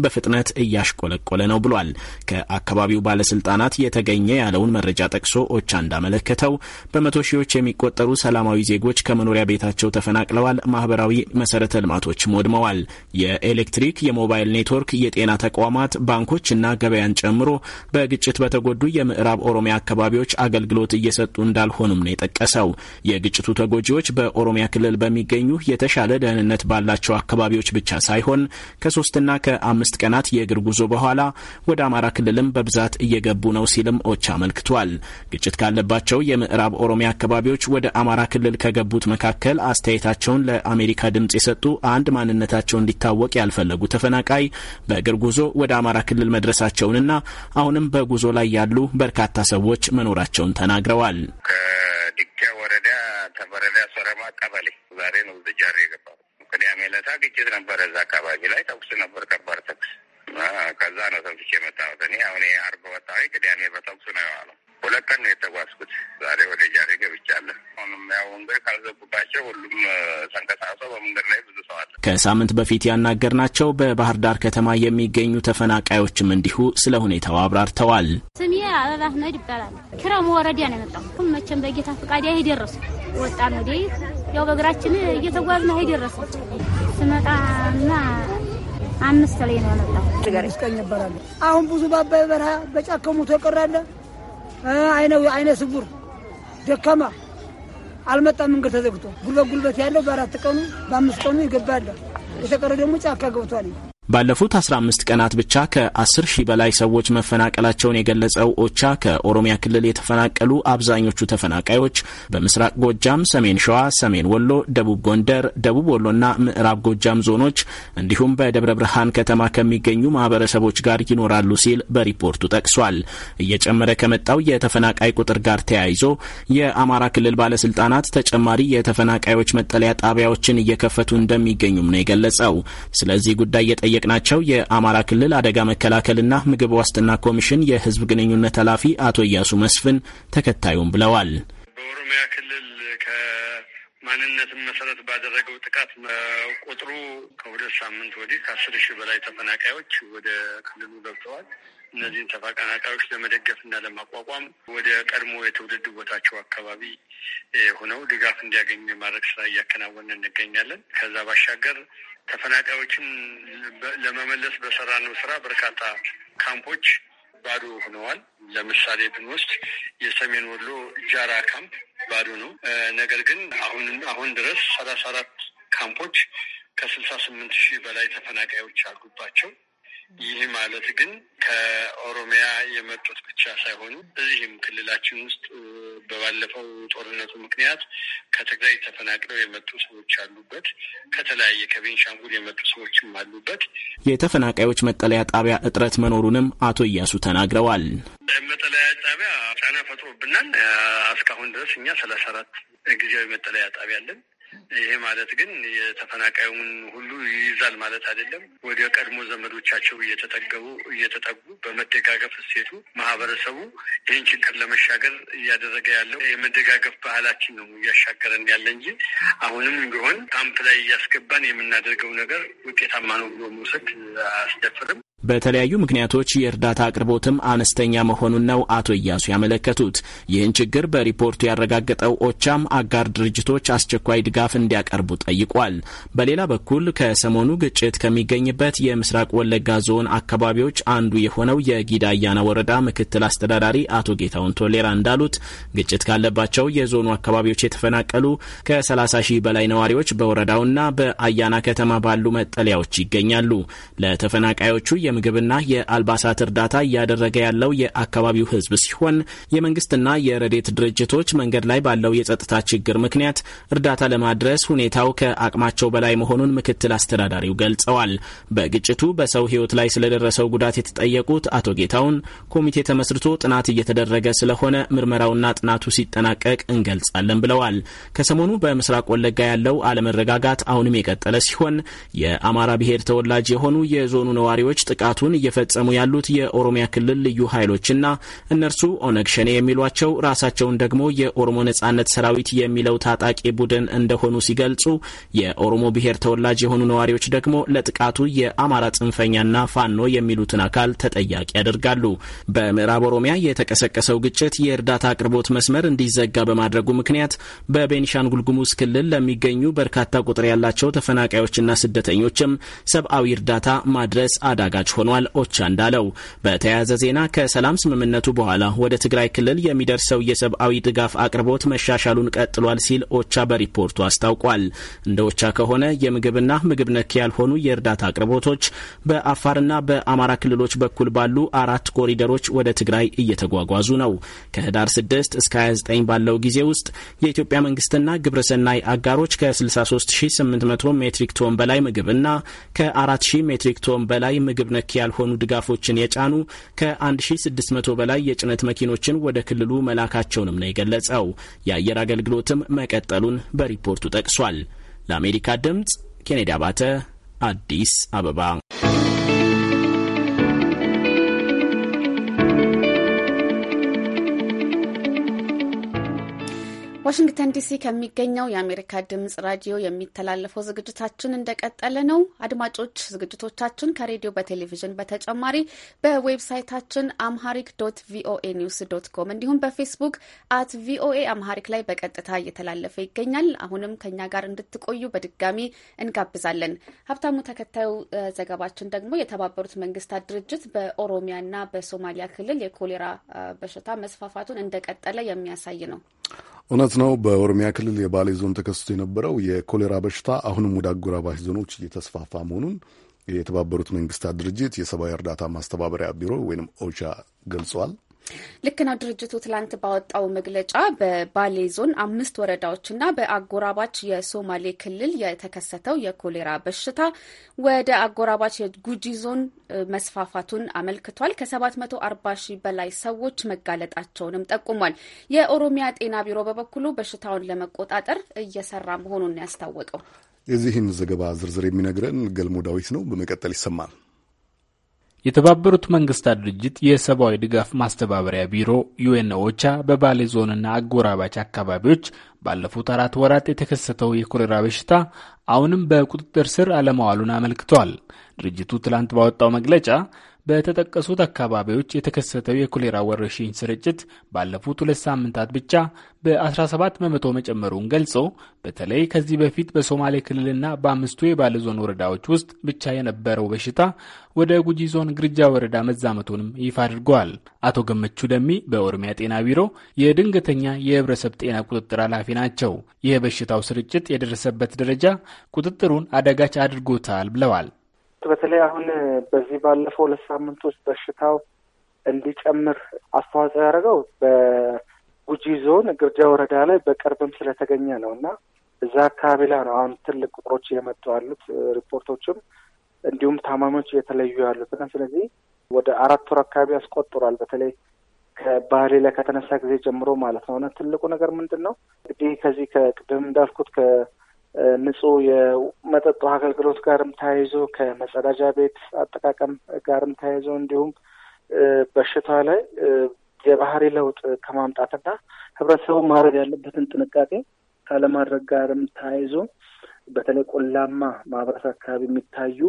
በፍጥነት እያሽቆለቆለ ነው ብሏል። ከአካባቢው ባለስልጣናት የተገኘ ያለውን መረጃ ጠቅሶ ኦቻ እንዳመለከተው በመቶ ሺዎች የሚቆጠሩ ሰላማዊ ዜጎች ከመኖሪያ ቤታቸው ተፈናቅለዋል። ማህበራዊ መሰረተ ልማቶችም ወድመዋል። የኤሌክትሪክ፣ የሞባይል ኔትወርክ፣ የጤና ተቋማት፣ ባንኮች ንግድና ገበያን ጨምሮ በግጭት በተጎዱ የምዕራብ ኦሮሚያ አካባቢዎች አገልግሎት እየሰጡ እንዳልሆኑም ነው የጠቀሰው። የግጭቱ ተጎጂዎች በኦሮሚያ ክልል በሚገኙ የተሻለ ደህንነት ባላቸው አካባቢዎች ብቻ ሳይሆን ከሶስትና ከአምስት ቀናት የእግር ጉዞ በኋላ ወደ አማራ ክልልም በብዛት እየገቡ ነው ሲልም ኦቻ አመልክቷል። ግጭት ካለባቸው የምዕራብ ኦሮሚያ አካባቢዎች ወደ አማራ ክልል ከገቡት መካከል አስተያየታቸውን ለአሜሪካ ድምጽ የሰጡ አንድ ማንነታቸው እንዲታወቅ ያልፈለጉ ተፈናቃይ በእግር ጉዞ ወደ አማራ ክልል መድረስ መድረሳቸውንና አሁንም በጉዞ ላይ ያሉ በርካታ ሰዎች መኖራቸውን ተናግረዋል። ከድጋ ወረዳ ተበረዳ ሰረማ ቀበሌ ዛሬ ነው ዝጃሬ የገባው። ቅዳሜ ዕለት ግጭት ነበረ። እዛ አካባቢ ላይ ተኩስ ነበር፣ ከባድ ተኩስ። ከዛ ነው ተኩስ የመጣሁት እኔ አሁን አርብ ወጣ ቅዳሜ በተኩስ ነው የዋለው። ሁለት ቀን ነው የተጓዝኩት። ዛሬ ወደ ጃሬ ገብቻለሁ። ያው መንገድ ካልዘጉባቸው ሁሉም ተንቀሳቅሶ በመንገድ ላይ ብዙ ሰው አለ። ከሳምንት በፊት ያናገር ናቸው በባህር ዳር ከተማ የሚገኙ ተፈናቃዮችም እንዲሁ ስለ ሁኔታው አብራርተዋል። ስሜ አበባ አህመድ ይባላል። ክረሙ ወረዳ ነው የመጣው። መቼም በጌታ ፈቃድ ይሄ ደረሱ ወጣን። ወደ ያው በእግራችን እየተጓዝና ይሄ ደረሱ ስመጣና አምስት ላይ ነው የመጣው። ስቀኝ ይባላለሁ። አሁን ብዙ በአባይ በረሃ በጫከሙ ተቀራለ አይነ ስጉር ደካማ አልመጣም። መንገድ ተዘግቶ ጉልበት ጉልበት ያለው በአራት ቀኑ በአምስት ቀኑ ይገባል። የተቀረ ደግሞ ጫካ ገብቷል። ባለፉት 15 ቀናት ብቻ ከ10 ሺህ በላይ ሰዎች መፈናቀላቸውን የገለጸው ኦቻ ከኦሮሚያ ክልል የተፈናቀሉ አብዛኞቹ ተፈናቃዮች በምስራቅ ጎጃም፣ ሰሜን ሸዋ፣ ሰሜን ወሎ፣ ደቡብ ጎንደር፣ ደቡብ ወሎና ምዕራብ ጎጃም ዞኖች እንዲሁም በደብረ ብርሃን ከተማ ከሚገኙ ማህበረሰቦች ጋር ይኖራሉ ሲል በሪፖርቱ ጠቅሷል። እየጨመረ ከመጣው የተፈናቃይ ቁጥር ጋር ተያይዞ የአማራ ክልል ባለስልጣናት ተጨማሪ የተፈናቃዮች መጠለያ ጣቢያዎችን እየከፈቱ እንደሚገኙም ነው የገለጸው። ስለዚህ ጉዳይ የጠየ የጠየቅናቸው የአማራ ክልል አደጋ መከላከልና ምግብ ዋስትና ኮሚሽን የህዝብ ግንኙነት ኃላፊ አቶ እያሱ መስፍን ተከታዩም ብለዋል። በኦሮሚያ ክልል ከማንነትን መሰረት ባደረገው ጥቃት ቁጥሩ ከሁለት ሳምንት ወዲህ ከአስር ሺህ በላይ ተፈናቃዮች ወደ ክልሉ ገብተዋል። እነዚህን ተፈናቃዮች ለመደገፍ እና ለማቋቋም ወደ ቀድሞ የትውልድ ቦታቸው አካባቢ ሆነው ድጋፍ እንዲያገኙ የማድረግ ስራ እያከናወነ እንገኛለን። ከዛ ባሻገር ተፈናቃዮችን ለመመለስ በሰራነው ስራ በርካታ ካምፖች ባዶ ሆነዋል። ለምሳሌ ብንወስድ የሰሜን ወሎ ጃራ ካምፕ ባዶ ነው። ነገር ግን አሁን አሁን ድረስ ሰላሳ አራት ካምፖች ከስልሳ ስምንት ሺህ በላይ ተፈናቃዮች አሉባቸው። ይህ ማለት ግን ከኦሮሚያ የመጡት ብቻ ሳይሆኑ እዚህም ክልላችን ውስጥ በባለፈው ጦርነቱ ምክንያት ከትግራይ ተፈናቅለው የመጡ ሰዎች አሉበት። ከተለያየ ከቤንሻንጉል የመጡ ሰዎችም አሉበት። የተፈናቃዮች መጠለያ ጣቢያ እጥረት መኖሩንም አቶ እያሱ ተናግረዋል። መጠለያ ጣቢያ ጫና ፈጥሮብናል። እስካሁን ድረስ እኛ ሰላሳ አራት ጊዜያዊ መጠለያ ጣቢያ አለን። ይሄ ማለት ግን የተፈናቃዩን ሁሉ ይይዛል ማለት አይደለም። ወደ ቀድሞ ዘመዶቻቸው እየተጠገቡ እየተጠጉ በመደጋገፍ እሴቱ ማህበረሰቡ ይህን ችግር ለመሻገር እያደረገ ያለው የመደጋገፍ ባህላችን ነው እያሻገረን ያለ እንጂ አሁንም ቢሆን ካምፕ ላይ እያስገባን የምናደርገው ነገር ውጤታማ ነው ብሎ መውሰድ አያስደፍርም። በተለያዩ ምክንያቶች የእርዳታ አቅርቦትም አነስተኛ መሆኑን ነው አቶ እያሱ ያመለከቱት። ይህን ችግር በሪፖርቱ ያረጋገጠው ኦቻም አጋር ድርጅቶች አስቸኳይ ድጋፍ እንዲያቀርቡ ጠይቋል። በሌላ በኩል ከሰሞኑ ግጭት ከሚገኝበት የምስራቅ ወለጋ ዞን አካባቢዎች አንዱ የሆነው የጊዳ አያና ወረዳ ምክትል አስተዳዳሪ አቶ ጌታውን ቶሌራ እንዳሉት ግጭት ካለባቸው የዞኑ አካባቢዎች የተፈናቀሉ ከ30 ሺህ በላይ ነዋሪዎች በወረዳውና በአያና ከተማ ባሉ መጠለያዎች ይገኛሉ። ለተፈናቃዮቹ የምግብና የአልባሳት እርዳታ እያደረገ ያለው የአካባቢው ህዝብ ሲሆን የመንግስትና የረዴት ድርጅቶች መንገድ ላይ ባለው የጸጥታ ችግር ምክንያት እርዳታ ለማድረስ ሁኔታው ከአቅማቸው በላይ መሆኑን ምክትል አስተዳዳሪው ገልጸዋል። በግጭቱ በሰው ህይወት ላይ ስለደረሰው ጉዳት የተጠየቁት አቶ ጌታውን ኮሚቴ ተመስርቶ ጥናት እየተደረገ ስለሆነ ምርመራውና ጥናቱ ሲጠናቀቅ እንገልጻለን ብለዋል። ከሰሞኑ በምስራቅ ወለጋ ያለው አለመረጋጋት አሁንም የቀጠለ ሲሆን የአማራ ብሔር ተወላጅ የሆኑ የዞኑ ነዋሪዎች ጥቃቱን እየፈጸሙ ያሉት የኦሮሚያ ክልል ልዩ ኃይሎችና እነርሱ ኦነግ ሸኔ የሚሏቸው ራሳቸውን ደግሞ የኦሮሞ ነጻነት ሰራዊት የሚለው ታጣቂ ቡድን እንደሆኑ ሲገልጹ፣ የኦሮሞ ብሔር ተወላጅ የሆኑ ነዋሪዎች ደግሞ ለጥቃቱ የአማራ ጽንፈኛና ፋኖ የሚሉትን አካል ተጠያቂ ያደርጋሉ። በምዕራብ ኦሮሚያ የተቀሰቀሰው ግጭት የእርዳታ አቅርቦት መስመር እንዲዘጋ በማድረጉ ምክንያት በቤኒሻንጉል ጉሙዝ ክልል ለሚገኙ በርካታ ቁጥር ያላቸው ተፈናቃዮችና ስደተኞችም ሰብአዊ እርዳታ ማድረስ አዳጋች ሆኗል። ኦቻ እንዳለው በተያያዘ ዜና ከሰላም ስምምነቱ በኋላ ወደ ትግራይ ክልል የሚደርሰው የሰብአዊ ድጋፍ አቅርቦት መሻሻሉን ቀጥሏል ሲል ኦቻ በሪፖርቱ አስታውቋል። እንደ ኦቻ ከሆነ የምግብና ምግብ ነክ ያልሆኑ የእርዳታ አቅርቦቶች በአፋርና በአማራ ክልሎች በኩል ባሉ አራት ኮሪደሮች ወደ ትግራይ እየተጓጓዙ ነው። ከህዳር 6 እስከ 29 ባለው ጊዜ ውስጥ የኢትዮጵያ መንግስትና ግብረሰናይ አጋሮች ከ63800 ሜትሪክ ቶን በላይ ምግብና ከ4000 ሜትሪክ ቶን በላይ ምግብ ተተኪ ያልሆኑ ድጋፎችን የጫኑ ከ1600 በላይ የጭነት መኪኖችን ወደ ክልሉ መላካቸውንም ነው የገለጸው። የአየር አገልግሎትም መቀጠሉን በሪፖርቱ ጠቅሷል። ለአሜሪካ ድምፅ ኬኔዲ አባተ አዲስ አበባ ዋሽንግተን ዲሲ ከሚገኘው የአሜሪካ ድምጽ ራዲዮ የሚተላለፈው ዝግጅታችን እንደቀጠለ ነው። አድማጮች ዝግጅቶቻችን ከሬዲዮ በቴሌቪዥን በተጨማሪ በዌብሳይታችን አምሃሪክ ዶት ቪኦኤ ኒውስ ዶት ኮም እንዲሁም በፌስቡክ አት ቪኦኤ አምሃሪክ ላይ በቀጥታ እየተላለፈ ይገኛል። አሁንም ከኛ ጋር እንድትቆዩ በድጋሚ እንጋብዛለን። ሀብታሙ፣ ተከታዩ ዘገባችን ደግሞ የተባበሩት መንግስታት ድርጅት በኦሮሚያና በሶማሊያ ክልል የኮሌራ በሽታ መስፋፋቱን እንደቀጠለ የሚያሳይ ነው። እውነት ነው። በኦሮሚያ ክልል የባሌ ዞን ተከስቶ የነበረው የኮሌራ በሽታ አሁንም ወደ አጎራባሽ ዞኖች እየተስፋፋ መሆኑን የተባበሩት መንግስታት ድርጅት የሰብአዊ እርዳታ ማስተባበሪያ ቢሮ ወይም ኦቻ ገልጿል። ልክ ነው። ድርጅቱ ትላንት ባወጣው መግለጫ በባሌ ዞን አምስት ወረዳዎችና በአጎራባች የሶማሌ ክልል የተከሰተው የኮሌራ በሽታ ወደ አጎራባች የጉጂ ዞን መስፋፋቱን አመልክቷል። ከ740 ሺህ በላይ ሰዎች መጋለጣቸውንም ጠቁሟል። የኦሮሚያ ጤና ቢሮ በበኩሉ በሽታውን ለመቆጣጠር እየሰራ መሆኑን ያስታወቀው። የዚህን ዘገባ ዝርዝር የሚነግረን ገልሞ ዳዊት ነው። በመቀጠል ይሰማል። የተባበሩት መንግስታት ድርጅት የሰብአዊ ድጋፍ ማስተባበሪያ ቢሮ ዩኤን ኦቻ በባሌ ዞንና አጎራባች አካባቢዎች ባለፉት አራት ወራት የተከሰተው የኮሌራ በሽታ አሁንም በቁጥጥር ስር አለመዋሉን አመልክተዋል። ድርጅቱ ትላንት ባወጣው መግለጫ በተጠቀሱት አካባቢዎች የተከሰተው የኮሌራ ወረርሽኝ ስርጭት ባለፉት ሁለት ሳምንታት ብቻ በ17 በመቶ መጨመሩን ገልጾ በተለይ ከዚህ በፊት በሶማሌ ክልልና በአምስቱ የባሌ ዞን ወረዳዎች ውስጥ ብቻ የነበረው በሽታ ወደ ጉጂ ዞን ግርጃ ወረዳ መዛመቱንም ይፋ አድርገዋል። አቶ ገመቹ ደሚ በኦሮሚያ ጤና ቢሮ የድንገተኛ የህብረሰብ ጤና ቁጥጥር ኃላፊ ናቸው። ይህ በሽታው ስርጭት የደረሰበት ደረጃ ቁጥጥሩን አደጋች አድርጎታል ብለዋል። በተለይ አሁን በዚህ ባለፈው ሁለት ሳምንት ውስጥ በሽታው እንዲጨምር አስተዋጽኦ ያደረገው በጉጂ ዞን ግርጃ ወረዳ ላይ በቅርብም ስለተገኘ ነው እና እዛ አካባቢ ላይ ነው አሁን ትልቅ ቁጥሮች እየመጡ ያሉት ሪፖርቶችም እንዲሁም ታማሚዎች እየተለዩ ያሉት እና ስለዚህ ወደ አራት ወር አካባቢ ያስቆጥሯል። በተለይ ከባህሌ ላይ ከተነሳ ጊዜ ጀምሮ ማለት ነው እና ትልቁ ነገር ምንድን ነው እንግዲህ ከዚህ ከቅድም እንዳልኩት ንጹህ የመጠጥ ውሃ አገልግሎት ጋርም ተያይዞ ከመጸዳጃ ቤት አጠቃቀም ጋርም ተያይዞ እንዲሁም በሽታ ላይ የባህሪ ለውጥ ከማምጣትና ህብረተሰቡ ማድረግ ያለበትን ጥንቃቄ ካለማድረግ ጋርም ተያይዞ በተለይ ቆላማ ማህበረሰብ አካባቢ የሚታዩ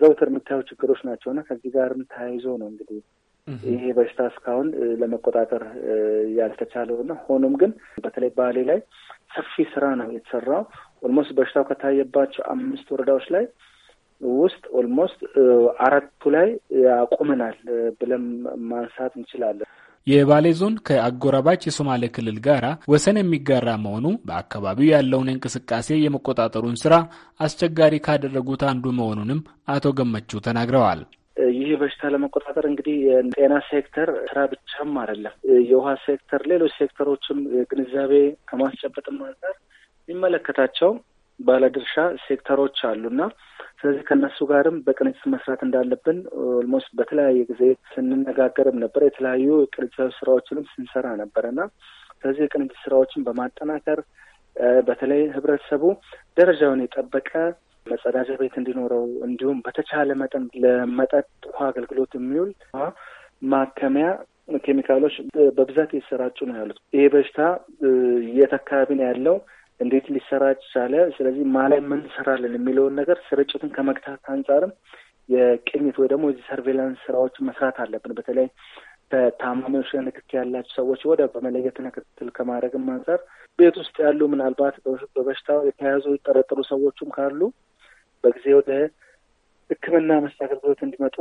ዘውትር የሚታዩ ችግሮች ናቸውና ከዚህ ጋርም ተያይዞ ነው እንግዲህ ይሄ በሽታ እስካሁን ለመቆጣጠር ያልተቻለው እና ሆኖም ግን በተለይ ባሌ ላይ ሰፊ ስራ ነው የተሰራው። ኦልሞስት በሽታው ከታየባቸው አምስት ወረዳዎች ላይ ውስጥ ኦልሞስት አራቱ ላይ አቁመናል ብለን ማንሳት እንችላለን። የባሌ ዞን ከአጎራባች የሶማሌ ክልል ጋር ወሰን የሚጋራ መሆኑ በአካባቢው ያለውን እንቅስቃሴ የመቆጣጠሩን ስራ አስቸጋሪ ካደረጉት አንዱ መሆኑንም አቶ ገመቹ ተናግረዋል። ይህ በሽታ ለመቆጣጠር እንግዲህ የጤና ሴክተር ስራ ብቻም አይደለም። የውሃ ሴክተር፣ ሌሎች ሴክተሮችም ግንዛቤ ከማስጨበጥም አንጻር የሚመለከታቸው ባለድርሻ ሴክተሮች አሉና ስለዚህ ከእነሱ ጋርም በቅንጅት መስራት እንዳለብን ኦልሞስት በተለያየ ጊዜ ስንነጋገርም ነበር። የተለያዩ ቅንጅታዊ ስራዎችንም ስንሰራ ነበርና ስለዚህ የቅንጅት ስራዎችን በማጠናከር በተለይ ህብረተሰቡ ደረጃውን የጠበቀ መጸዳጃ ቤት እንዲኖረው እንዲሁም በተቻለ መጠን ለመጠጥ ውሃ አገልግሎት የሚውል ውሃ ማከሚያ ኬሚካሎች በብዛት የተሰራጩ ነው ያሉት። ይሄ በሽታ የት አካባቢ ነው ያለው? እንዴት ሊሰራጭ ቻለ? ስለዚህ ማላይ ምን እንሰራለን የሚለውን ነገር ስርጭትን ከመግታት አንጻርም የቅኝት ወይ ደግሞ የዚህ ሰርቬላንስ ስራዎች መስራት አለብን። በተለይ በታማሚዎች ንክኪ ያላቸው ሰዎች ወደ በመለየትና ክትትል ከማድረግም አንጻር ቤት ውስጥ ያሉ ምናልባት በበሽታው የተያዙ የተጠረጠሩ ሰዎችም ካሉ በጊዜ ወደ ሕክምና መስጫ አገልግሎት እንዲመጡ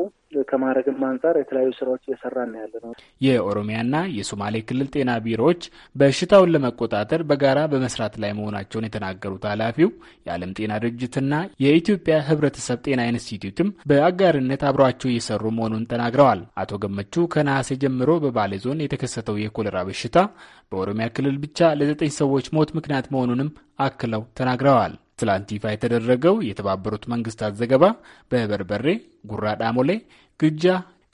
ከማድረግም አንጻር የተለያዩ ስራዎች እየሰራን ያለ ነው። የኦሮሚያና የሶማሌ ክልል ጤና ቢሮዎች በሽታውን ለመቆጣጠር በጋራ በመስራት ላይ መሆናቸውን የተናገሩት ኃላፊው የዓለም ጤና ድርጅትና የኢትዮጵያ ሕብረተሰብ ጤና ኢንስቲትዩትም በአጋርነት አብሯቸው እየሰሩ መሆኑን ተናግረዋል። አቶ ገመቹ ከነሐሴ ጀምሮ በባሌ ዞን የተከሰተው የኮሌራ በሽታ በኦሮሚያ ክልል ብቻ ለዘጠኝ ሰዎች ሞት ምክንያት መሆኑንም አክለው ተናግረዋል። ትላንት ይፋ የተደረገው የተባበሩት መንግስታት ዘገባ በበርበሬ፣ ጉራ ዳሞሌ፣ ግጃ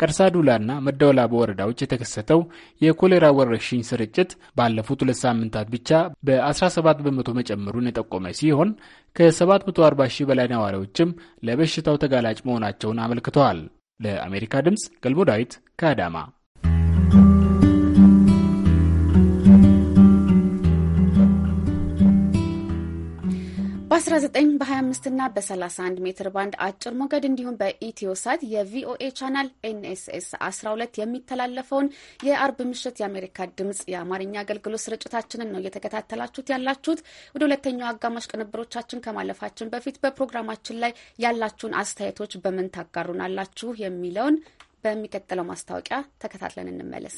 ቀርሳ ዱላና መደወላቡ ወረዳዎች የተከሰተው የኮሌራ ወረርሽኝ ስርጭት ባለፉት ሁለት ሳምንታት ብቻ በ17 በመቶ መጨመሩን የጠቆመ ሲሆን ከ740 ሺህ በላይ ነዋሪዎችም ለበሽታው ተጋላጭ መሆናቸውን አመልክተዋል። ለአሜሪካ ድምፅ ገልሞ ዳዊት ከአዳማ በ19 25 እና በ31 ሜትር ባንድ አጭር ሞገድ እንዲሁም በኢትዮ ሳት የቪኦኤ ቻናል ኤንኤስኤስ 12 የሚተላለፈውን የአርብ ምሽት የአሜሪካ ድምፅ የአማርኛ አገልግሎት ስርጭታችንን ነው እየተከታተላችሁት ያላችሁት። ወደ ሁለተኛው አጋማሽ ቅንብሮቻችን ከማለፋችን በፊት በፕሮግራማችን ላይ ያላችሁን አስተያየቶች በምን ታጋሩናላችሁ የሚለውን በሚቀጥለው ማስታወቂያ ተከታትለን እንመለስ።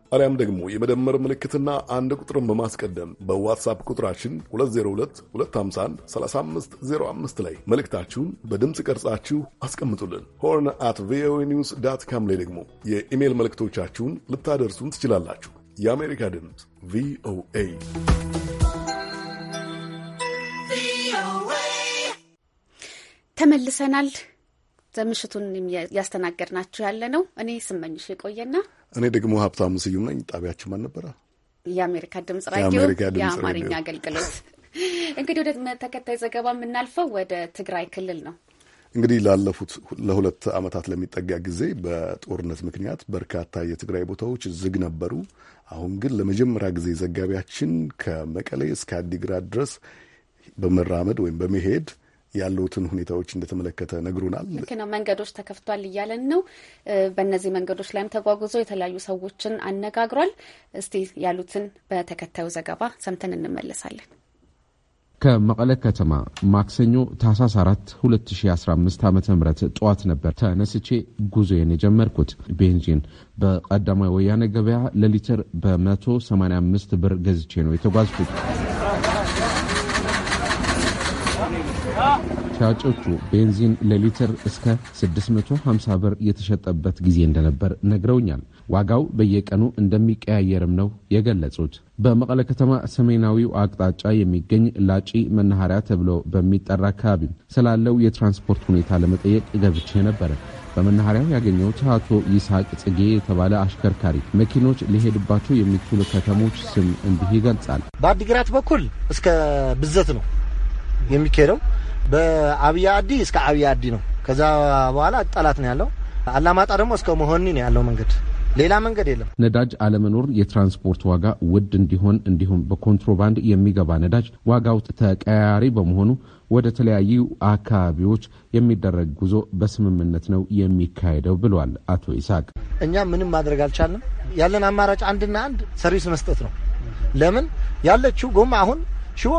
አሊያም ደግሞ የመደመር ምልክትና አንድ ቁጥርን በማስቀደም በዋትሳፕ ቁጥራችን 2022513505 ላይ መልእክታችሁን በድምፅ ቀርጻችሁ አስቀምጡልን። ሆርን አት ቪኦኤ ኒውስ ዳት ካም ላይ ደግሞ የኢሜይል መልእክቶቻችሁን ልታደርሱን ትችላላችሁ። የአሜሪካ ድምፅ ቪኦኤ ተመልሰናል። ዘምሽቱን ያስተናገድናችሁ ያለ ነው። እኔ ስመኝሽ የቆየና እኔ ደግሞ ሀብታሙ ስዩም ነኝ። ጣቢያችሁ ማን ነበረ? የአሜሪካ ድምጽ ራዲዮ የአማርኛ አገልግሎት። እንግዲህ ወደ ተከታይ ዘገባ የምናልፈው ወደ ትግራይ ክልል ነው። እንግዲህ ላለፉት ለሁለት ዓመታት ለሚጠጋ ጊዜ በጦርነት ምክንያት በርካታ የትግራይ ቦታዎች ዝግ ነበሩ። አሁን ግን ለመጀመሪያ ጊዜ ዘጋቢያችን ከመቀሌ እስከ አዲግራት ድረስ በመራመድ ወይም በመሄድ ያሉትን ሁኔታዎች እንደተመለከተ ነግሩናል። ልክ ነው። መንገዶች ተከፍቷል እያለን ነው። በእነዚህ መንገዶች ላይም ተጓጉዞ የተለያዩ ሰዎችን አነጋግሯል። እስቲ ያሉትን በተከታዩ ዘገባ ሰምተን እንመለሳለን። ከመቀለ ከተማ ማክሰኞ ታህሳስ 4 2015 ዓ ም ጠዋት ነበር ተነስቼ ጉዞዬን የጀመርኩት። ቤንዚን በቀዳማዊ ወያነ ገበያ ለሊትር በ185 ብር ገዝቼ ነው የተጓዝኩት። ሻጮቹ ቤንዚን ለሊትር እስከ 650 ብር የተሸጠበት ጊዜ እንደነበር ነግረውኛል። ዋጋው በየቀኑ እንደሚቀያየርም ነው የገለጹት። በመቀለ ከተማ ሰሜናዊው አቅጣጫ የሚገኝ ላጪ መናኸሪያ ተብሎ በሚጠራ አካባቢ ስላለው የትራንስፖርት ሁኔታ ለመጠየቅ ገብቼ ነበረ። በመናኸሪያው ያገኘሁት አቶ ይስሐቅ ጽጌ የተባለ አሽከርካሪ መኪኖች ሊሄድባቸው የሚችሉ ከተሞች ስም እንዲህ ይገልጻል። በአዲግራት በኩል እስከ ብዘት ነው የሚካሄደው በአብያዲ አዲ እስከ አብያ አዲ ነው። ከዛ በኋላ ጠላት ነው ያለው። አላማጣ ደግሞ እስከ መሆኒ ነው ያለው መንገድ ሌላ መንገድ የለም። ነዳጅ አለመኖር የትራንስፖርት ዋጋ ውድ እንዲሆን እንዲሁም በኮንትሮባንድ የሚገባ ነዳጅ ዋጋው ተቀያሪ በመሆኑ ወደ ተለያዩ አካባቢዎች የሚደረግ ጉዞ በስምምነት ነው የሚካሄደው ብሏል አቶ ይስሐቅ። እኛ ምንም ማድረግ አልቻለም። ያለን አማራጭ አንድና አንድ ሰርቪስ መስጠት ነው። ለምን ያለችው ጎማ አሁን ሽቦ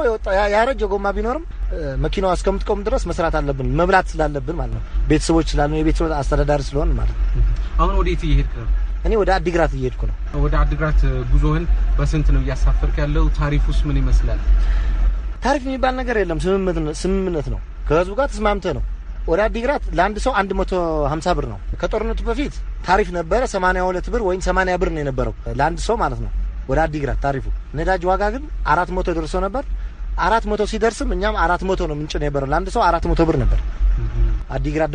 ያረጀ ጎማ ቢኖርም መኪናው እስከምትቆም ድረስ መስራት አለብን፣ መብላት ስላለብን ማለት ነው። ቤተሰቦች ስላሉ የቤተሰቦች አስተዳዳሪ ስለሆን ማለት ነው። አሁን ወዴት እየሄድክ ነው? እኔ ወደ አዲግራት እየሄድኩ ነው። ወደ አዲግራት ጉዞህን በስንት ነው እያሳፈርክ ያለው? ታሪፉስ ምን ይመስላል? ታሪፍ የሚባል ነገር የለም። ስምምነት ነው። ከህዝቡ ጋር ተስማምተ ነው ወደ አዲግራት ለአንድ ሰው 150 ብር ነው። ከጦርነቱ በፊት ታሪፍ ነበረ 82 ብር ወይም 80 ብር ነው የነበረው ለአንድ ሰው ማለት ነው። ወደ አዲግራት ታሪፉ ነዳጅ ዋጋ ግን አራት መቶ ደርሶ ነበር። አራት መቶ ሲደርስም እኛም አራት መቶ ነው ምንጭ ነበር። ለአንድ ሰው አራት መቶ ብር ነበር። አዲግራት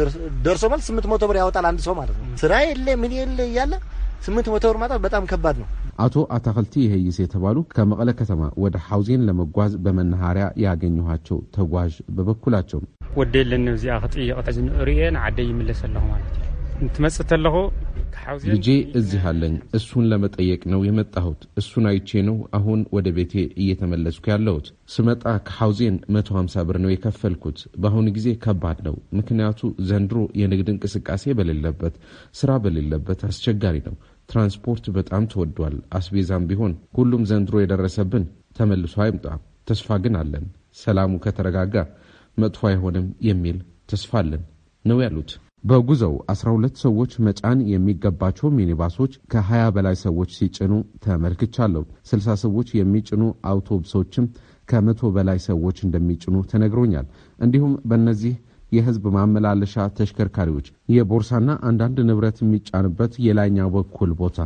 ደርሶ ማለት ስምንት መቶ ብር ያወጣል አንድ ሰው ማለት ነው። ስራ የለ ምን የለ እያለ ስምንት መቶ ብር ማጣት በጣም ከባድ ነው። አቶ አታክልቲ ይሄይስ የተባሉ ከመቀለ ከተማ ወደ ሐውዜን ለመጓዝ በመናኸሪያ ያገኘኋቸው ተጓዥ በበኩላቸው ወደ የለን እዚኣ ክጥይቅ ዝንርኤ ንዓደይ ይምለስ ኣለኹ ማለት እዩ እንትመጽእ ተለኹ ልጄ እዚህ አለኝ። እሱን ለመጠየቅ ነው የመጣሁት። እሱን አይቼ ነው አሁን ወደ ቤቴ እየተመለስኩ ያለሁት። ስመጣ ከሐውዜን ምሳ ብር ነው የከፈልኩት። በአሁኑ ጊዜ ከባድ ነው፣ ምክንያቱ ዘንድሮ የንግድ እንቅስቃሴ በሌለበት፣ ስራ በሌለበት አስቸጋሪ ነው። ትራንስፖርት በጣም ተወዷል። አስቤዛም ቢሆን ሁሉም ዘንድሮ የደረሰብን ተመልሶ አይምጣ። ተስፋ ግን አለን። ሰላሙ ከተረጋጋ መጥፎ አይሆንም የሚል ተስፋ አለን ነው ያሉት። በጉዞው 12 ሰዎች መጫን የሚገባቸው ሚኒባሶች ከ20 በላይ ሰዎች ሲጭኑ ተመልክቻለሁ። 60 ሰዎች የሚጭኑ አውቶቡሶችም ከመቶ በላይ ሰዎች እንደሚጭኑ ተነግሮኛል። እንዲሁም በእነዚህ የህዝብ ማመላለሻ ተሽከርካሪዎች የቦርሳና አንዳንድ ንብረት የሚጫንበት የላይኛው በኩል ቦታ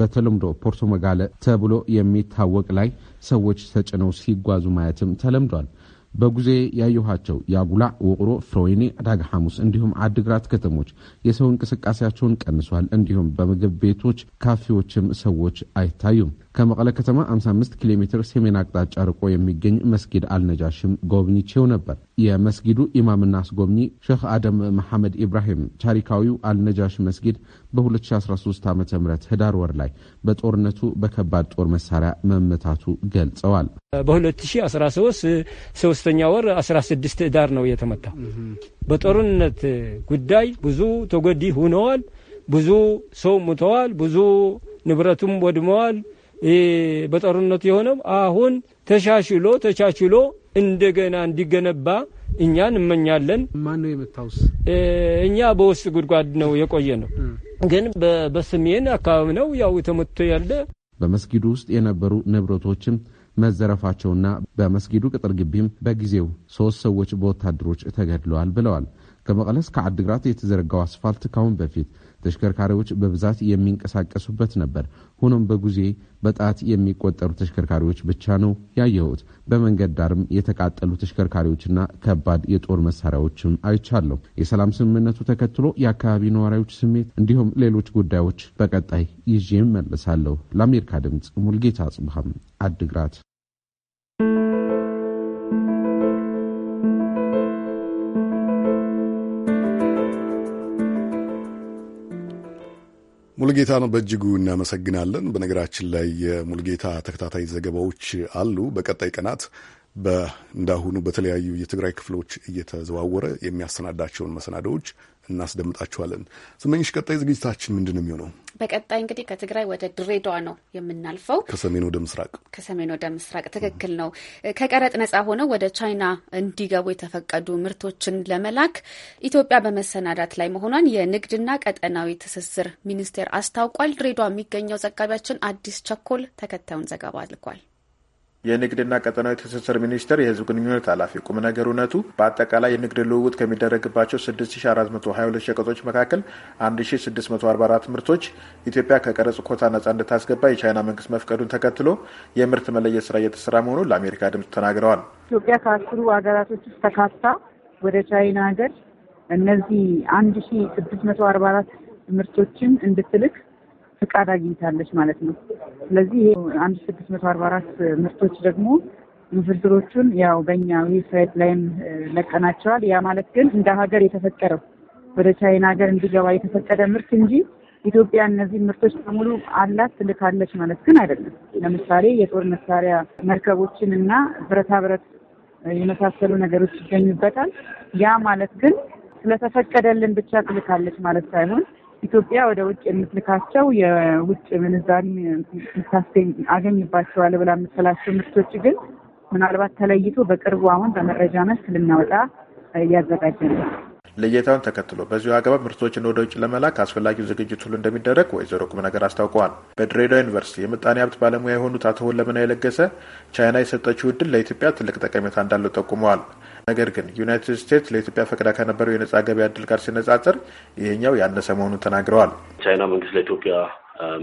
በተለምዶ ፖርቶ መጋለ ተብሎ የሚታወቅ ላይ ሰዎች ተጭነው ሲጓዙ ማየትም ተለምዷል። በጉዜ ያየኋቸው የአጉላ ውቅሮ፣ ፍሮይኔ፣ ዕዳጋ ሐሙስ እንዲሁም አድግራት ከተሞች የሰው እንቅስቃሴያቸውን ቀንሷል። እንዲሁም በምግብ ቤቶች ካፌዎችም ሰዎች አይታዩም። ከመቀለ ከተማ 55 ኪሎ ሜትር ሰሜን አቅጣጫ ርቆ የሚገኝ መስጊድ አልነጃሽም ጎብኝቼው ነበር። የመስጊዱ ኢማምና አስጎብኚ ሼክ አደም መሐመድ ኢብራሂም ታሪካዊው አልነጃሽ መስጊድ በ2013 ዓ ም ህዳር ወር ላይ በጦርነቱ በከባድ ጦር መሳሪያ መመታቱ ገልጸዋል። በ2013 ሶስተኛ ወር 16 ህዳር ነው የተመታው። በጦርነት ጉዳይ ብዙ ተጎዲ ሁነዋል። ብዙ ሰው ሙተዋል። ብዙ ንብረቱም ወድመዋል። በጦርነቱ የሆነው አሁን ተሻሽሎ ተቻችሎ እንደገና እንዲገነባ እኛ እንመኛለን። ማን ነው የመታውስ? እኛ በውስጥ ጉድጓድ ነው የቆየ ነው፣ ግን በሰሜን አካባቢ ነው ያው ተመቶ ያለ። በመስጊዱ ውስጥ የነበሩ ንብረቶችም መዘረፋቸውና በመስጊዱ ቅጥር ግቢም በጊዜው ሶስት ሰዎች በወታደሮች ተገድለዋል ብለዋል። ከመቀለስ ከአድግራት የተዘረጋው አስፋልት ካሁን በፊት ተሽከርካሪዎች በብዛት የሚንቀሳቀሱበት ነበር። ሆኖም በጉዜ በጣት የሚቆጠሩ ተሽከርካሪዎች ብቻ ነው ያየሁት። በመንገድ ዳርም የተቃጠሉ ተሽከርካሪዎችና ከባድ የጦር መሳሪያዎችም አይቻለሁ። የሰላም ስምምነቱ ተከትሎ የአካባቢ ነዋሪዎች ስሜት፣ እንዲሁም ሌሎች ጉዳዮች በቀጣይ ይዤ እመለሳለሁ። ለአሜሪካ ድምፅ ሙልጌታ አጽብሃም አድግራት ሙልጌታን በእጅጉ እናመሰግናለን። በነገራችን ላይ የሙልጌታ ተከታታይ ዘገባዎች አሉ በቀጣይ ቀናት እንዳሁኑ በተለያዩ የትግራይ ክፍሎች እየተዘዋወረ የሚያሰናዳቸውን መሰናዶዎች እናስደምጣችኋለን። ስመኝሽ፣ ቀጣይ ዝግጅታችን ምንድን ነው የሚሆነው? በቀጣይ እንግዲህ ከትግራይ ወደ ድሬዳዋ ነው የምናልፈው። ከሰሜን ወደ ምስራቅ ከሰሜን ወደ ምስራቅ ትክክል ነው። ከቀረጥ ነጻ ሆነው ወደ ቻይና እንዲገቡ የተፈቀዱ ምርቶችን ለመላክ ኢትዮጵያ በመሰናዳት ላይ መሆኗን የንግድና ቀጠናዊ ትስስር ሚኒስቴር አስታውቋል። ድሬዳዋ የሚገኘው ዘጋቢያችን አዲስ ቸኮል ተከታዩን ዘገባ አልኳል። የንግድና ቀጠናዊ ትስስር ሚኒስቴር የህዝብ ግንኙነት ኃላፊ ቁም ነገር እውነቱ በአጠቃላይ የንግድ ልውውጥ ከሚደረግባቸው 6422 ሸቀጦች መካከል 1644 ምርቶች ኢትዮጵያ ከቀረጽ ኮታ ነጻ እንድታስገባ የቻይና መንግስት መፍቀዱን ተከትሎ የምርት መለየት ስራ እየተሰራ መሆኑን ለአሜሪካ ድምፅ ተናግረዋል። ኢትዮጵያ ከአስሩ ሀገራቶች ውስጥ ተካታ ወደ ቻይና ሀገር እነዚህ 1644 ምርቶችን እንድትልክ ፍቃድ አግኝታለች ማለት ነው። ስለዚህ ይሄ አንድ ስድስት መቶ አርባ አራት ምርቶች ደግሞ ምዝርዝሮቹን ያው በእኛ ዌብሳይት ላይም ለቀናቸዋል። ያ ማለት ግን እንደ ሀገር የተፈቀደው ወደ ቻይና ሀገር እንዲገባ የተፈቀደ ምርት እንጂ ኢትዮጵያ እነዚህ ምርቶች በሙሉ አላት ትልካለች ማለት ግን አይደለም። ለምሳሌ የጦር መሳሪያ መርከቦችን እና ብረታ ብረት የመሳሰሉ ነገሮች ይገኙበታል። ያ ማለት ግን ስለተፈቀደልን ብቻ ትልካለች ማለት ሳይሆን ኢትዮጵያ ወደ ውጭ የምትልካቸው የውጭ ምንዛሪ አገኝባቸዋል ብላ የምትላቸው ምርቶች ግን ምናልባት ተለይቶ በቅርቡ አሁን በመረጃ መስክ ልናወጣ እያዘጋጀ ነው። ልየታውን ተከትሎ በዚሁ አገባብ ምርቶችን ወደ ውጭ ለመላክ አስፈላጊው ዝግጅት ሁሉ እንደሚደረግ ወይዘሮ ቁም ነገር አስታውቀዋል። በድሬዳዋ ዩኒቨርሲቲ የምጣኔ ሀብት ባለሙያ የሆኑት አቶ ወለምና የለገሰ ቻይና የሰጠችው ውድል ለኢትዮጵያ ትልቅ ጠቀሜታ እንዳለው ጠቁመዋል። ነገር ግን ዩናይትድ ስቴትስ ለኢትዮጵያ ፈቅዳ ከነበረው የነጻ ገበያ እድል ጋር ሲነጻጸር ይሄኛው ያነሰ መሆኑን ተናግረዋል። ቻይና መንግስት ለኢትዮጵያ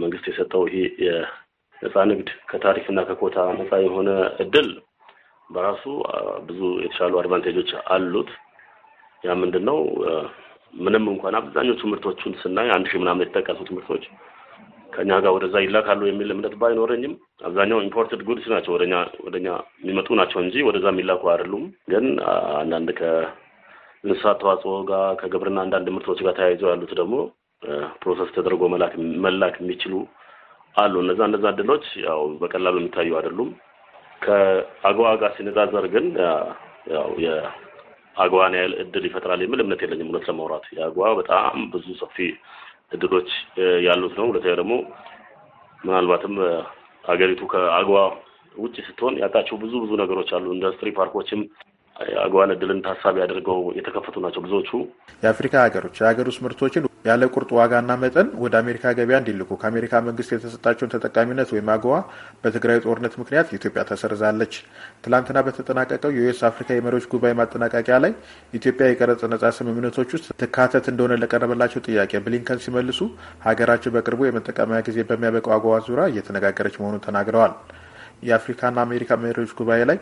መንግስት የሰጠው ይሄ የነጻ ንግድ ከታሪፍና ከኮታ ነጻ የሆነ እድል በራሱ ብዙ የተሻሉ አድቫንቴጆች አሉት። ያ ምንድን ነው? ምንም እንኳን አብዛኞቹ ምርቶቹን ስናይ አንድ ሺህ ምናምን የተጠቀሱት ምርቶች ከኛ ጋር ወደዛ ይላካሉ የሚል እምነት ባይኖረኝም አብዛኛው ኢምፖርትድ ጉድስ ናቸው ወደኛ ወደኛ የሚመጡ ናቸው እንጂ ወደዛ የሚላኩ አይደሉም። ግን አንዳንድ ከእንስሳት ተዋጽኦ ጋር ከግብርና አንዳንድ ምርቶች ጋር ተያይዘው ያሉት ደግሞ ፕሮሰስ ተደርጎ መላክ መላክ የሚችሉ አሉ። እነዛ እነዛ እድሎች ያው በቀላሉ የሚታዩ አይደሉም። ከአገዋ ጋር ሲነጻጸር ግን ያው የአገዋን ያህል እድል ይፈጥራል የሚል እምነት የለኝም። እውነት ለማውራት የአገዋ በጣም ብዙ ሰፊ እድሎች ያሉት ነው። ሁለተኛ ደግሞ ምናልባትም ሀገሪቱ ከአግዋ ውጭ ስትሆን ያጣቸው ብዙ ብዙ ነገሮች አሉ። ኢንዱስትሪ ፓርኮችም አግዋን እድልን ታሳቢ አድርገው የተከፈቱ ናቸው ብዙዎቹ። የአፍሪካ ሀገሮች የሀገር ውስጥ ምርቶችን ያለ ቁርጥ ዋጋና መጠን ወደ አሜሪካ ገበያ እንዲልኩ ከአሜሪካ መንግስት የተሰጣቸውን ተጠቃሚነት ወይም አገዋ በትግራይ ጦርነት ምክንያት ኢትዮጵያ ተሰርዛለች። ትላንትና በተጠናቀቀው የዩኤስ አፍሪካ የመሪዎች ጉባኤ ማጠናቀቂያ ላይ ኢትዮጵያ የቀረጽ ነጻ ስምምነቶች ውስጥ ትካተት እንደሆነ ለቀረበላቸው ጥያቄ ብሊንከን ሲመልሱ ሀገራቸው በቅርቡ የመጠቀሚያ ጊዜ በሚያበቀው አገዋ ዙሪያ እየተነጋገረች መሆኑን ተናግረዋል። የአፍሪካና አሜሪካ መሪዎች ጉባኤ ላይ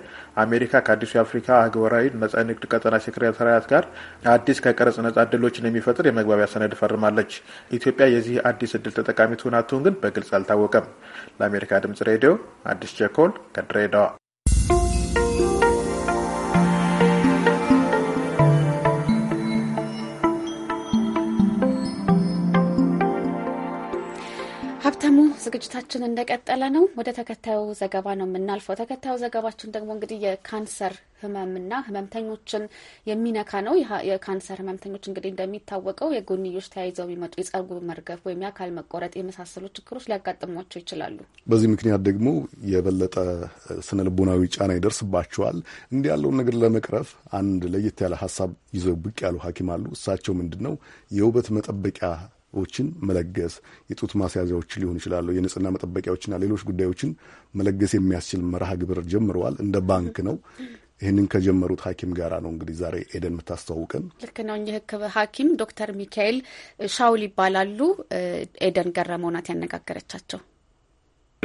አሜሪካ ከአዲሱ የአፍሪካ አህጉራዊ ነጻ ንግድ ቀጠና ሴክሬታሪያት ጋር አዲስ ከቀረጽ ነጻ እድሎችን የሚፈጥር የመግባቢያ ሰነድ ፈርማለች። ኢትዮጵያ የዚህ አዲስ እድል ተጠቃሚ ትሆን ግን በግልጽ አልታወቀም። ለአሜሪካ ድምጽ ሬዲዮ አዲስ ቸኮል ከድሬዳዋ ሀብታሙ ዝግጅታችን እንደቀጠለ ነው። ወደ ተከታዩ ዘገባ ነው የምናልፈው። ተከታዩ ዘገባችን ደግሞ እንግዲህ የካንሰር ህመምና ህመምተኞችን የሚነካ ነው። የካንሰር ህመምተኞች እንግዲህ እንደሚታወቀው የጎንዮሽ ተያይዘው የሚመጡ የጸጉር መርገፍ ወይም የአካል መቆረጥ የመሳሰሉ ችግሮች ሊያጋጥሟቸው ይችላሉ። በዚህ ምክንያት ደግሞ የበለጠ ስነ ልቦናዊ ጫና ይደርስባቸዋል። እንዲህ ያለውን ነገር ለመቅረፍ አንድ ለየት ያለ ሀሳብ ይዘው ብቅ ያሉ ሐኪም አሉ። እሳቸው ምንድን ነው የውበት መጠበቂያ ዎችን መለገስ የጡት ማስያዣዎች ሊሆን ይችላሉ፣ የንጽህና መጠበቂያዎችና ሌሎች ጉዳዮችን መለገስ የሚያስችል መርሃ ግብር ጀምረዋል። እንደ ባንክ ነው። ይህንን ከጀመሩት ሐኪም ጋር ነው እንግዲህ ዛሬ ኤደን የምታስተዋውቀን። ልክ ነው። እኚህ ሐኪም ዶክተር ሚካኤል ሻውል ይባላሉ። ኤደን ገረመው ናት ያነጋገረቻቸው።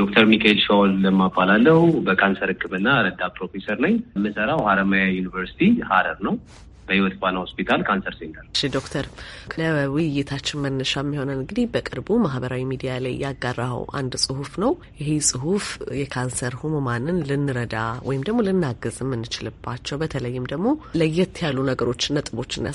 ዶክተር ሚካኤል ሻውል ለማባላለው በካንሰር ሕክምና ረዳት ፕሮፌሰር ነኝ። የምሰራው ሀረማያ ዩኒቨርሲቲ ሀረር ነው። በህይወት ፋና ሆስፒታል ካንሰር ሴንተር። እሺ ዶክተር፣ ለውይይታችን መነሻ የሚሆነን እንግዲህ በቅርቡ ማህበራዊ ሚዲያ ላይ ያጋራኸው አንድ ጽሁፍ ነው። ይህ ጽሁፍ የካንሰር ህሙማንን ልንረዳ ወይም ደግሞ ልናግዝ የምንችልባቸው በተለይም ደግሞ ለየት ያሉ ነገሮች ነጥቦችን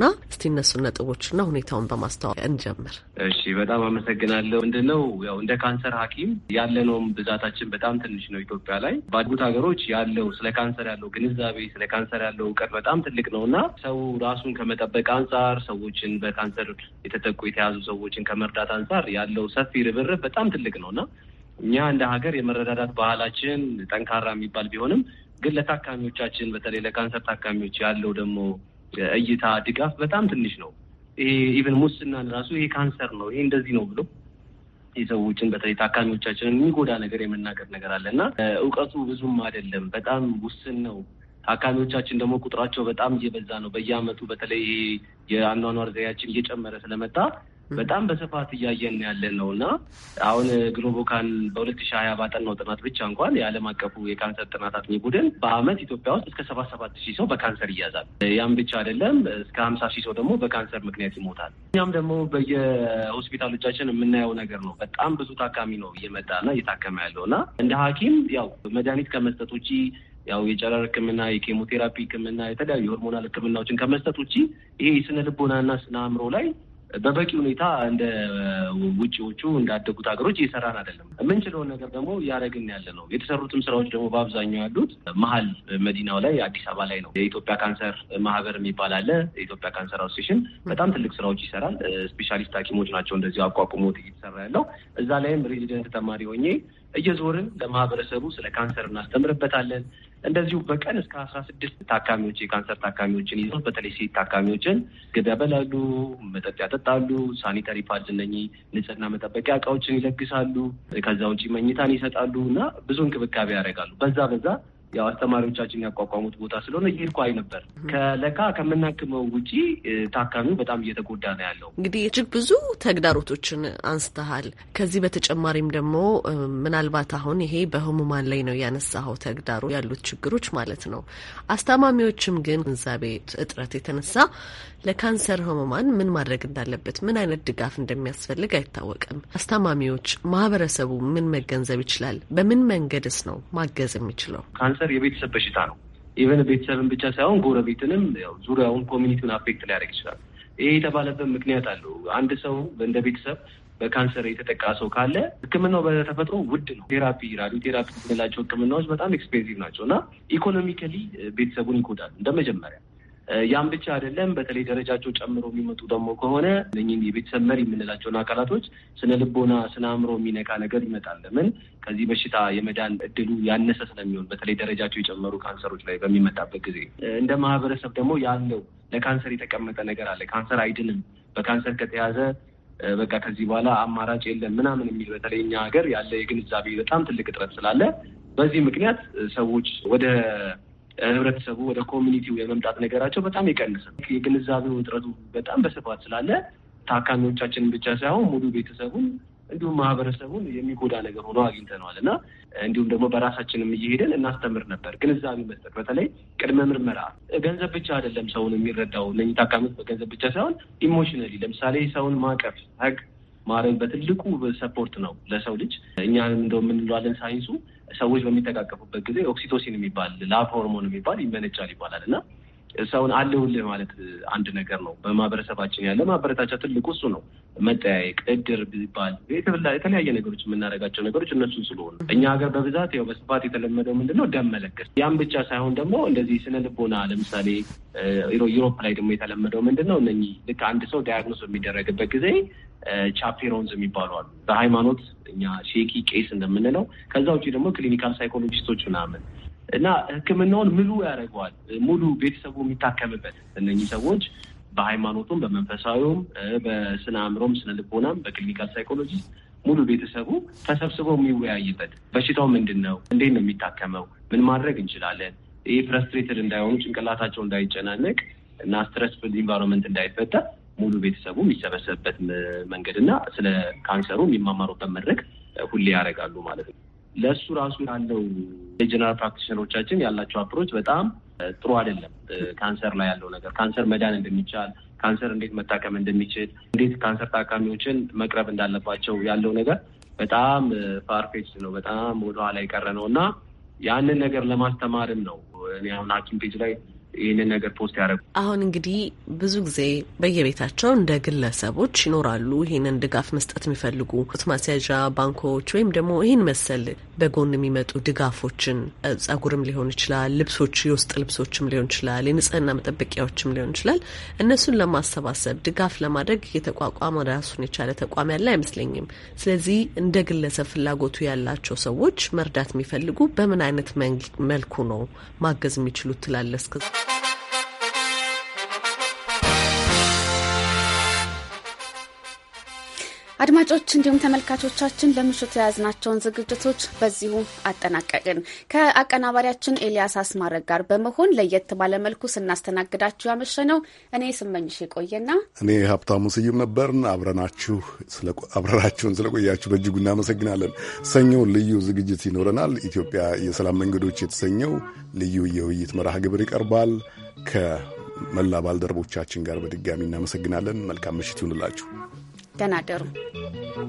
ና እስቲ እነሱን ነጥቦችና ሁኔታውን በማስተዋወቅ እንጀምር። እሺ በጣም አመሰግናለሁ። ምንድነው ያው እንደ ካንሰር ሐኪም ያለነውም ብዛታችን በጣም ትንሽ ነው ኢትዮጵያ ላይ ባሉት ሀገሮች ያለው ስለ ካንሰር ያለው ግንዛቤ ስለ ካንሰር ያለው እውቀት በጣም ትልቅ ትልቅ ነው እና ሰው ራሱን ከመጠበቅ አንጻር ሰዎችን በካንሰር የተጠቁ የተያዙ ሰዎችን ከመርዳት አንጻር ያለው ሰፊ ርብርብ በጣም ትልቅ ነው እና እኛ እንደ ሀገር የመረዳዳት ባህላችን ጠንካራ የሚባል ቢሆንም ግን ለታካሚዎቻችን በተለይ ለካንሰር ታካሚዎች ያለው ደግሞ እይታ ድጋፍ በጣም ትንሽ ነው። ይሄ ኢቨን ሙስናን ራሱ ይሄ ካንሰር ነው ይሄ እንደዚህ ነው ብሎ የሰዎችን በተለይ ታካሚዎቻችንን የሚጎዳ ነገር የመናገር ነገር አለ እና እውቀቱ ብዙም አይደለም፣ በጣም ውስን ነው። ታካሚዎቻችን ደግሞ ቁጥራቸው በጣም እየበዛ ነው። በየአመቱ በተለይ የአኗኗር ዘያችን እየጨመረ ስለመጣ በጣም በስፋት እያየን ያለን ነው እና አሁን ግሎቦካን በሁለት ሺ ሀያ ባጠናው ጥናት ብቻ እንኳን የዓለም አቀፉ የካንሰር ጥናት አጥኚ ቡድን በአመት ኢትዮጵያ ውስጥ እስከ ሰባ ሰባት ሺህ ሰው በካንሰር ይያዛል። ያም ብቻ አይደለም፣ እስከ ሀምሳ ሺህ ሰው ደግሞ በካንሰር ምክንያት ይሞታል። እኛም ደግሞ በየሆስፒታሎቻችን የምናየው ነገር ነው። በጣም ብዙ ታካሚ ነው እየመጣና እየታከመ ያለው እና እንደ ሐኪም ያው መድኃኒት ከመስጠት ውጪ ያው የጨረር ህክምና የኬሞቴራፒ ህክምና የተለያዩ የሆርሞናል ህክምናዎችን ከመስጠት ውጭ ይሄ የስነ ልቦናና ስነ አእምሮ ላይ በበቂ ሁኔታ እንደ ውጭዎቹ እንዳደጉት ሀገሮች እየሰራን አይደለም። የምንችለውን ነገር ደግሞ እያደረግን ያለ ነው። የተሰሩትም ስራዎች ደግሞ በአብዛኛው ያሉት መሀል መዲናው ላይ አዲስ አበባ ላይ ነው። የኢትዮጵያ ካንሰር ማህበር የሚባል አለ። የኢትዮጵያ ካንሰር አሶሴሽን በጣም ትልቅ ስራዎች ይሰራል። ስፔሻሊስት ሐኪሞች ናቸው እንደዚሁ አቋቁሞት እየተሰራ ያለው እዛ ላይም ሬዚደንት ተማሪ ሆኜ እየዞርን ለማህበረሰቡ ስለ ካንሰር እናስተምርበታለን። እንደዚሁ በቀን እስከ አስራ ስድስት ታካሚዎች የካንሰር ታካሚዎችን ይዘው በተለይ ሴት ታካሚዎችን ገብ ያበላሉ፣ መጠጥ ያጠጣሉ፣ ሳኒታሪ ፓድ እነ ንጽህና መጠበቂያ እቃዎችን ይለግሳሉ። ከዛ ውጭ መኝታን ይሰጣሉ እና ብዙ እንክብካቤ ያደርጋሉ። በዛ በዛ ያው አስተማሪዎቻችን ያቋቋሙት ቦታ ስለሆነ ይሄድኩ አይ ነበር። ከለካ ከምናክመው ውጪ ታካሚው በጣም እየተጎዳ ነው ያለው። እንግዲህ እጅግ ብዙ ተግዳሮቶችን አንስተሃል። ከዚህ በተጨማሪም ደግሞ ምናልባት አሁን ይሄ በህሙማን ላይ ነው ያነሳኸው ተግዳሮ ያሉት ችግሮች ማለት ነው። አስታማሚዎችም ግን ግንዛቤ እጥረት የተነሳ ለካንሰር ህሙማን ምን ማድረግ እንዳለበት፣ ምን አይነት ድጋፍ እንደሚያስፈልግ አይታወቅም። አስታማሚዎች፣ ማህበረሰቡ ምን መገንዘብ ይችላል? በምን መንገድስ ነው ማገዝ የሚችለው? ካንሰር የቤተሰብ በሽታ ነው። ኢቨን ቤተሰብን ብቻ ሳይሆን ጎረቤትንም፣ ዙሪያውን ኮሚኒቲውን አፌክት ሊያደርግ ይችላል። ይሄ የተባለበት ምክንያት አለው። አንድ ሰው እንደ ቤተሰብ በካንሰር የተጠቃ ሰው ካለ ሕክምናው በተፈጥሮ ውድ ነው። ቴራፒ፣ ራዲዮ ቴራፒ የምንላቸው ሕክምናዎች በጣም ኤክስፔንሲቭ ናቸው እና ኢኮኖሚካሊ ቤተሰቡን ይጎዳል እንደመጀመሪያ ያም ብቻ አይደለም። በተለይ ደረጃቸው ጨምሮ የሚመጡ ደግሞ ከሆነ እኚህን የቤተሰብ መሪ የምንላቸውን አካላቶች ስነ ልቦና፣ ስነ አእምሮ የሚነካ ነገር ይመጣል። ለምን ከዚህ በሽታ የመዳን እድሉ ያነሰ ስለሚሆን በተለይ ደረጃቸው የጨመሩ ካንሰሮች ላይ በሚመጣበት ጊዜ እንደ ማህበረሰብ ደግሞ ያለው ለካንሰር የተቀመጠ ነገር አለ። ካንሰር አይድንም፣ በካንሰር ከተያዘ በቃ ከዚህ በኋላ አማራጭ የለም ምናምን የሚል በተለይ እኛ ሀገር ያለ የግንዛቤ በጣም ትልቅ እጥረት ስላለ በዚህ ምክንያት ሰዎች ወደ ህብረተሰቡ ወደ ኮሚኒቲው የመምጣት ነገራቸው በጣም የቀንስ የግንዛቤ ውጥረቱ በጣም በስፋት ስላለ ታካሚዎቻችንን ብቻ ሳይሆን ሙሉ ቤተሰቡን እንዲሁም ማህበረሰቡን የሚጎዳ ነገር ሆኖ አግኝተነዋል እና እንዲሁም ደግሞ በራሳችንም እየሄደን እናስተምር ነበር። ግንዛቤ መስጠት፣ በተለይ ቅድመ ምርመራ ገንዘብ ብቻ አይደለም ሰውን የሚረዳው እነ ታካሚዎች በገንዘብ ብቻ ሳይሆን ኢሞሽናሊ፣ ለምሳሌ ሰውን ማቀፍ ህግ ማረግ በትልቁ ሰፖርት ነው ለሰው ልጅ እኛ እንደው የምንለዋለን ሳይንሱ ሰዎች በሚጠቃቀፉበት ጊዜ ኦክሲቶሲን የሚባል ላፕ ሆርሞን የሚባል ይመነጫል ይባላል እና ሰውን አለሁልህ ማለት አንድ ነገር ነው። በማህበረሰባችን ያለ ማበረታቻ ትልቁ እሱ ነው። መጠያየቅ፣ እድር ቢባል የተለያየ ነገሮች የምናደርጋቸው ነገሮች እነሱ ስለሆኑ እኛ ሀገር በብዛት ያው በስፋት የተለመደው ምንድነው ደም መለገስ። ያም ብቻ ሳይሆን ደግሞ እንደዚህ ስነ ልቦና ለምሳሌ ዩሮፕ ላይ ደግሞ የተለመደው ምንድነው እነኚህ ልክ አንድ ሰው ዳያግኖስ በሚደረግበት ጊዜ ቻፔሮንዝ የሚባሉ አሉ። በሃይማኖት እኛ ሼኪ ቄስ እንደምንለው ከዛ ውጭ ደግሞ ክሊኒካል ሳይኮሎጂስቶች ምናምን እና ህክምናውን ምሉ ያደርገዋል። ሙሉ ቤተሰቡ የሚታከምበት እነኚህ ሰዎች በሃይማኖቱም፣ በመንፈሳዊውም፣ በስነ አእምሮም፣ ስነ ልቦናም፣ በክሊኒካል ሳይኮሎጂ ሙሉ ቤተሰቡ ተሰብስቦ የሚወያይበት በሽታው ምንድን ነው? እንዴት ነው የሚታከመው? ምን ማድረግ እንችላለን? ይህ ፍረስትሬትድ እንዳይሆኑ ጭንቅላታቸው እንዳይጨናነቅ እና ስትረስፍል ኢንቫይሮንመንት እንዳይፈጠር ሙሉ ቤተሰቡ የሚሰበሰብበት መንገድ እና ስለ ካንሰሩ የሚማማሩበት መድረክ ሁሌ ያደርጋሉ ማለት ነው። ለእሱ ራሱ ያለው የጀነራል ፕራክቲሽነሮቻችን ያላቸው አፕሮች በጣም ጥሩ አይደለም። ካንሰር ላይ ያለው ነገር ካንሰር መዳን እንደሚቻል፣ ካንሰር እንዴት መታከም እንደሚችል፣ እንዴት ካንሰር ታካሚዎችን መቅረብ እንዳለባቸው ያለው ነገር በጣም ፋርፌች ነው። በጣም ወደኋላ የቀረ ነው እና ያንን ነገር ለማስተማርም ነው እኔ አሁን ሐኪም ፔጅ ላይ ይህንን ነገር ፖስት ያደረጉ። አሁን እንግዲህ ብዙ ጊዜ በየቤታቸው እንደ ግለሰቦች ይኖራሉ ይህንን ድጋፍ መስጠት የሚፈልጉ ጡት ማስያዣ ባንኮች፣ ወይም ደግሞ ይህን መሰል በጎን የሚመጡ ድጋፎችን ጸጉርም ሊሆን ይችላል፣ ልብሶች፣ የውስጥ ልብሶችም ሊሆን ይችላል፣ የንጽህና መጠበቂያዎችም ሊሆን ይችላል። እነሱን ለማሰባሰብ ድጋፍ ለማድረግ የተቋቋመ ራሱን የቻለ ተቋም ያለ አይመስለኝም። ስለዚህ እንደ ግለሰብ ፍላጎቱ ያላቸው ሰዎች መርዳት የሚፈልጉ በምን አይነት መልኩ ነው ማገዝ የሚችሉት ከዛ አድማጮች እንዲሁም ተመልካቾቻችን ለምሽቱ የያዝናቸውን ዝግጅቶች በዚሁ አጠናቀቅን። ከአቀናባሪያችን ኤልያስ አስማረ ጋር በመሆን ለየት ባለመልኩ ስናስተናግዳችሁ ያመሸነው እኔ ስመኝሽ የቆየና እኔ ሀብታሙ ስዩም ነበርን። አብረናችሁ አብረራችሁን ስለቆያችሁ በእጅጉ እናመሰግናለን። ሰኞ ልዩ ዝግጅት ይኖረናል። ኢትዮጵያ የሰላም መንገዶች የተሰኘው ልዩ የውይይት መርሃ ግብር ይቀርባል። ከመላ ባልደረቦቻችን ጋር በድጋሚ እናመሰግናለን። መልካም ምሽት ይሁንላችሁ። ደህና ደሩ።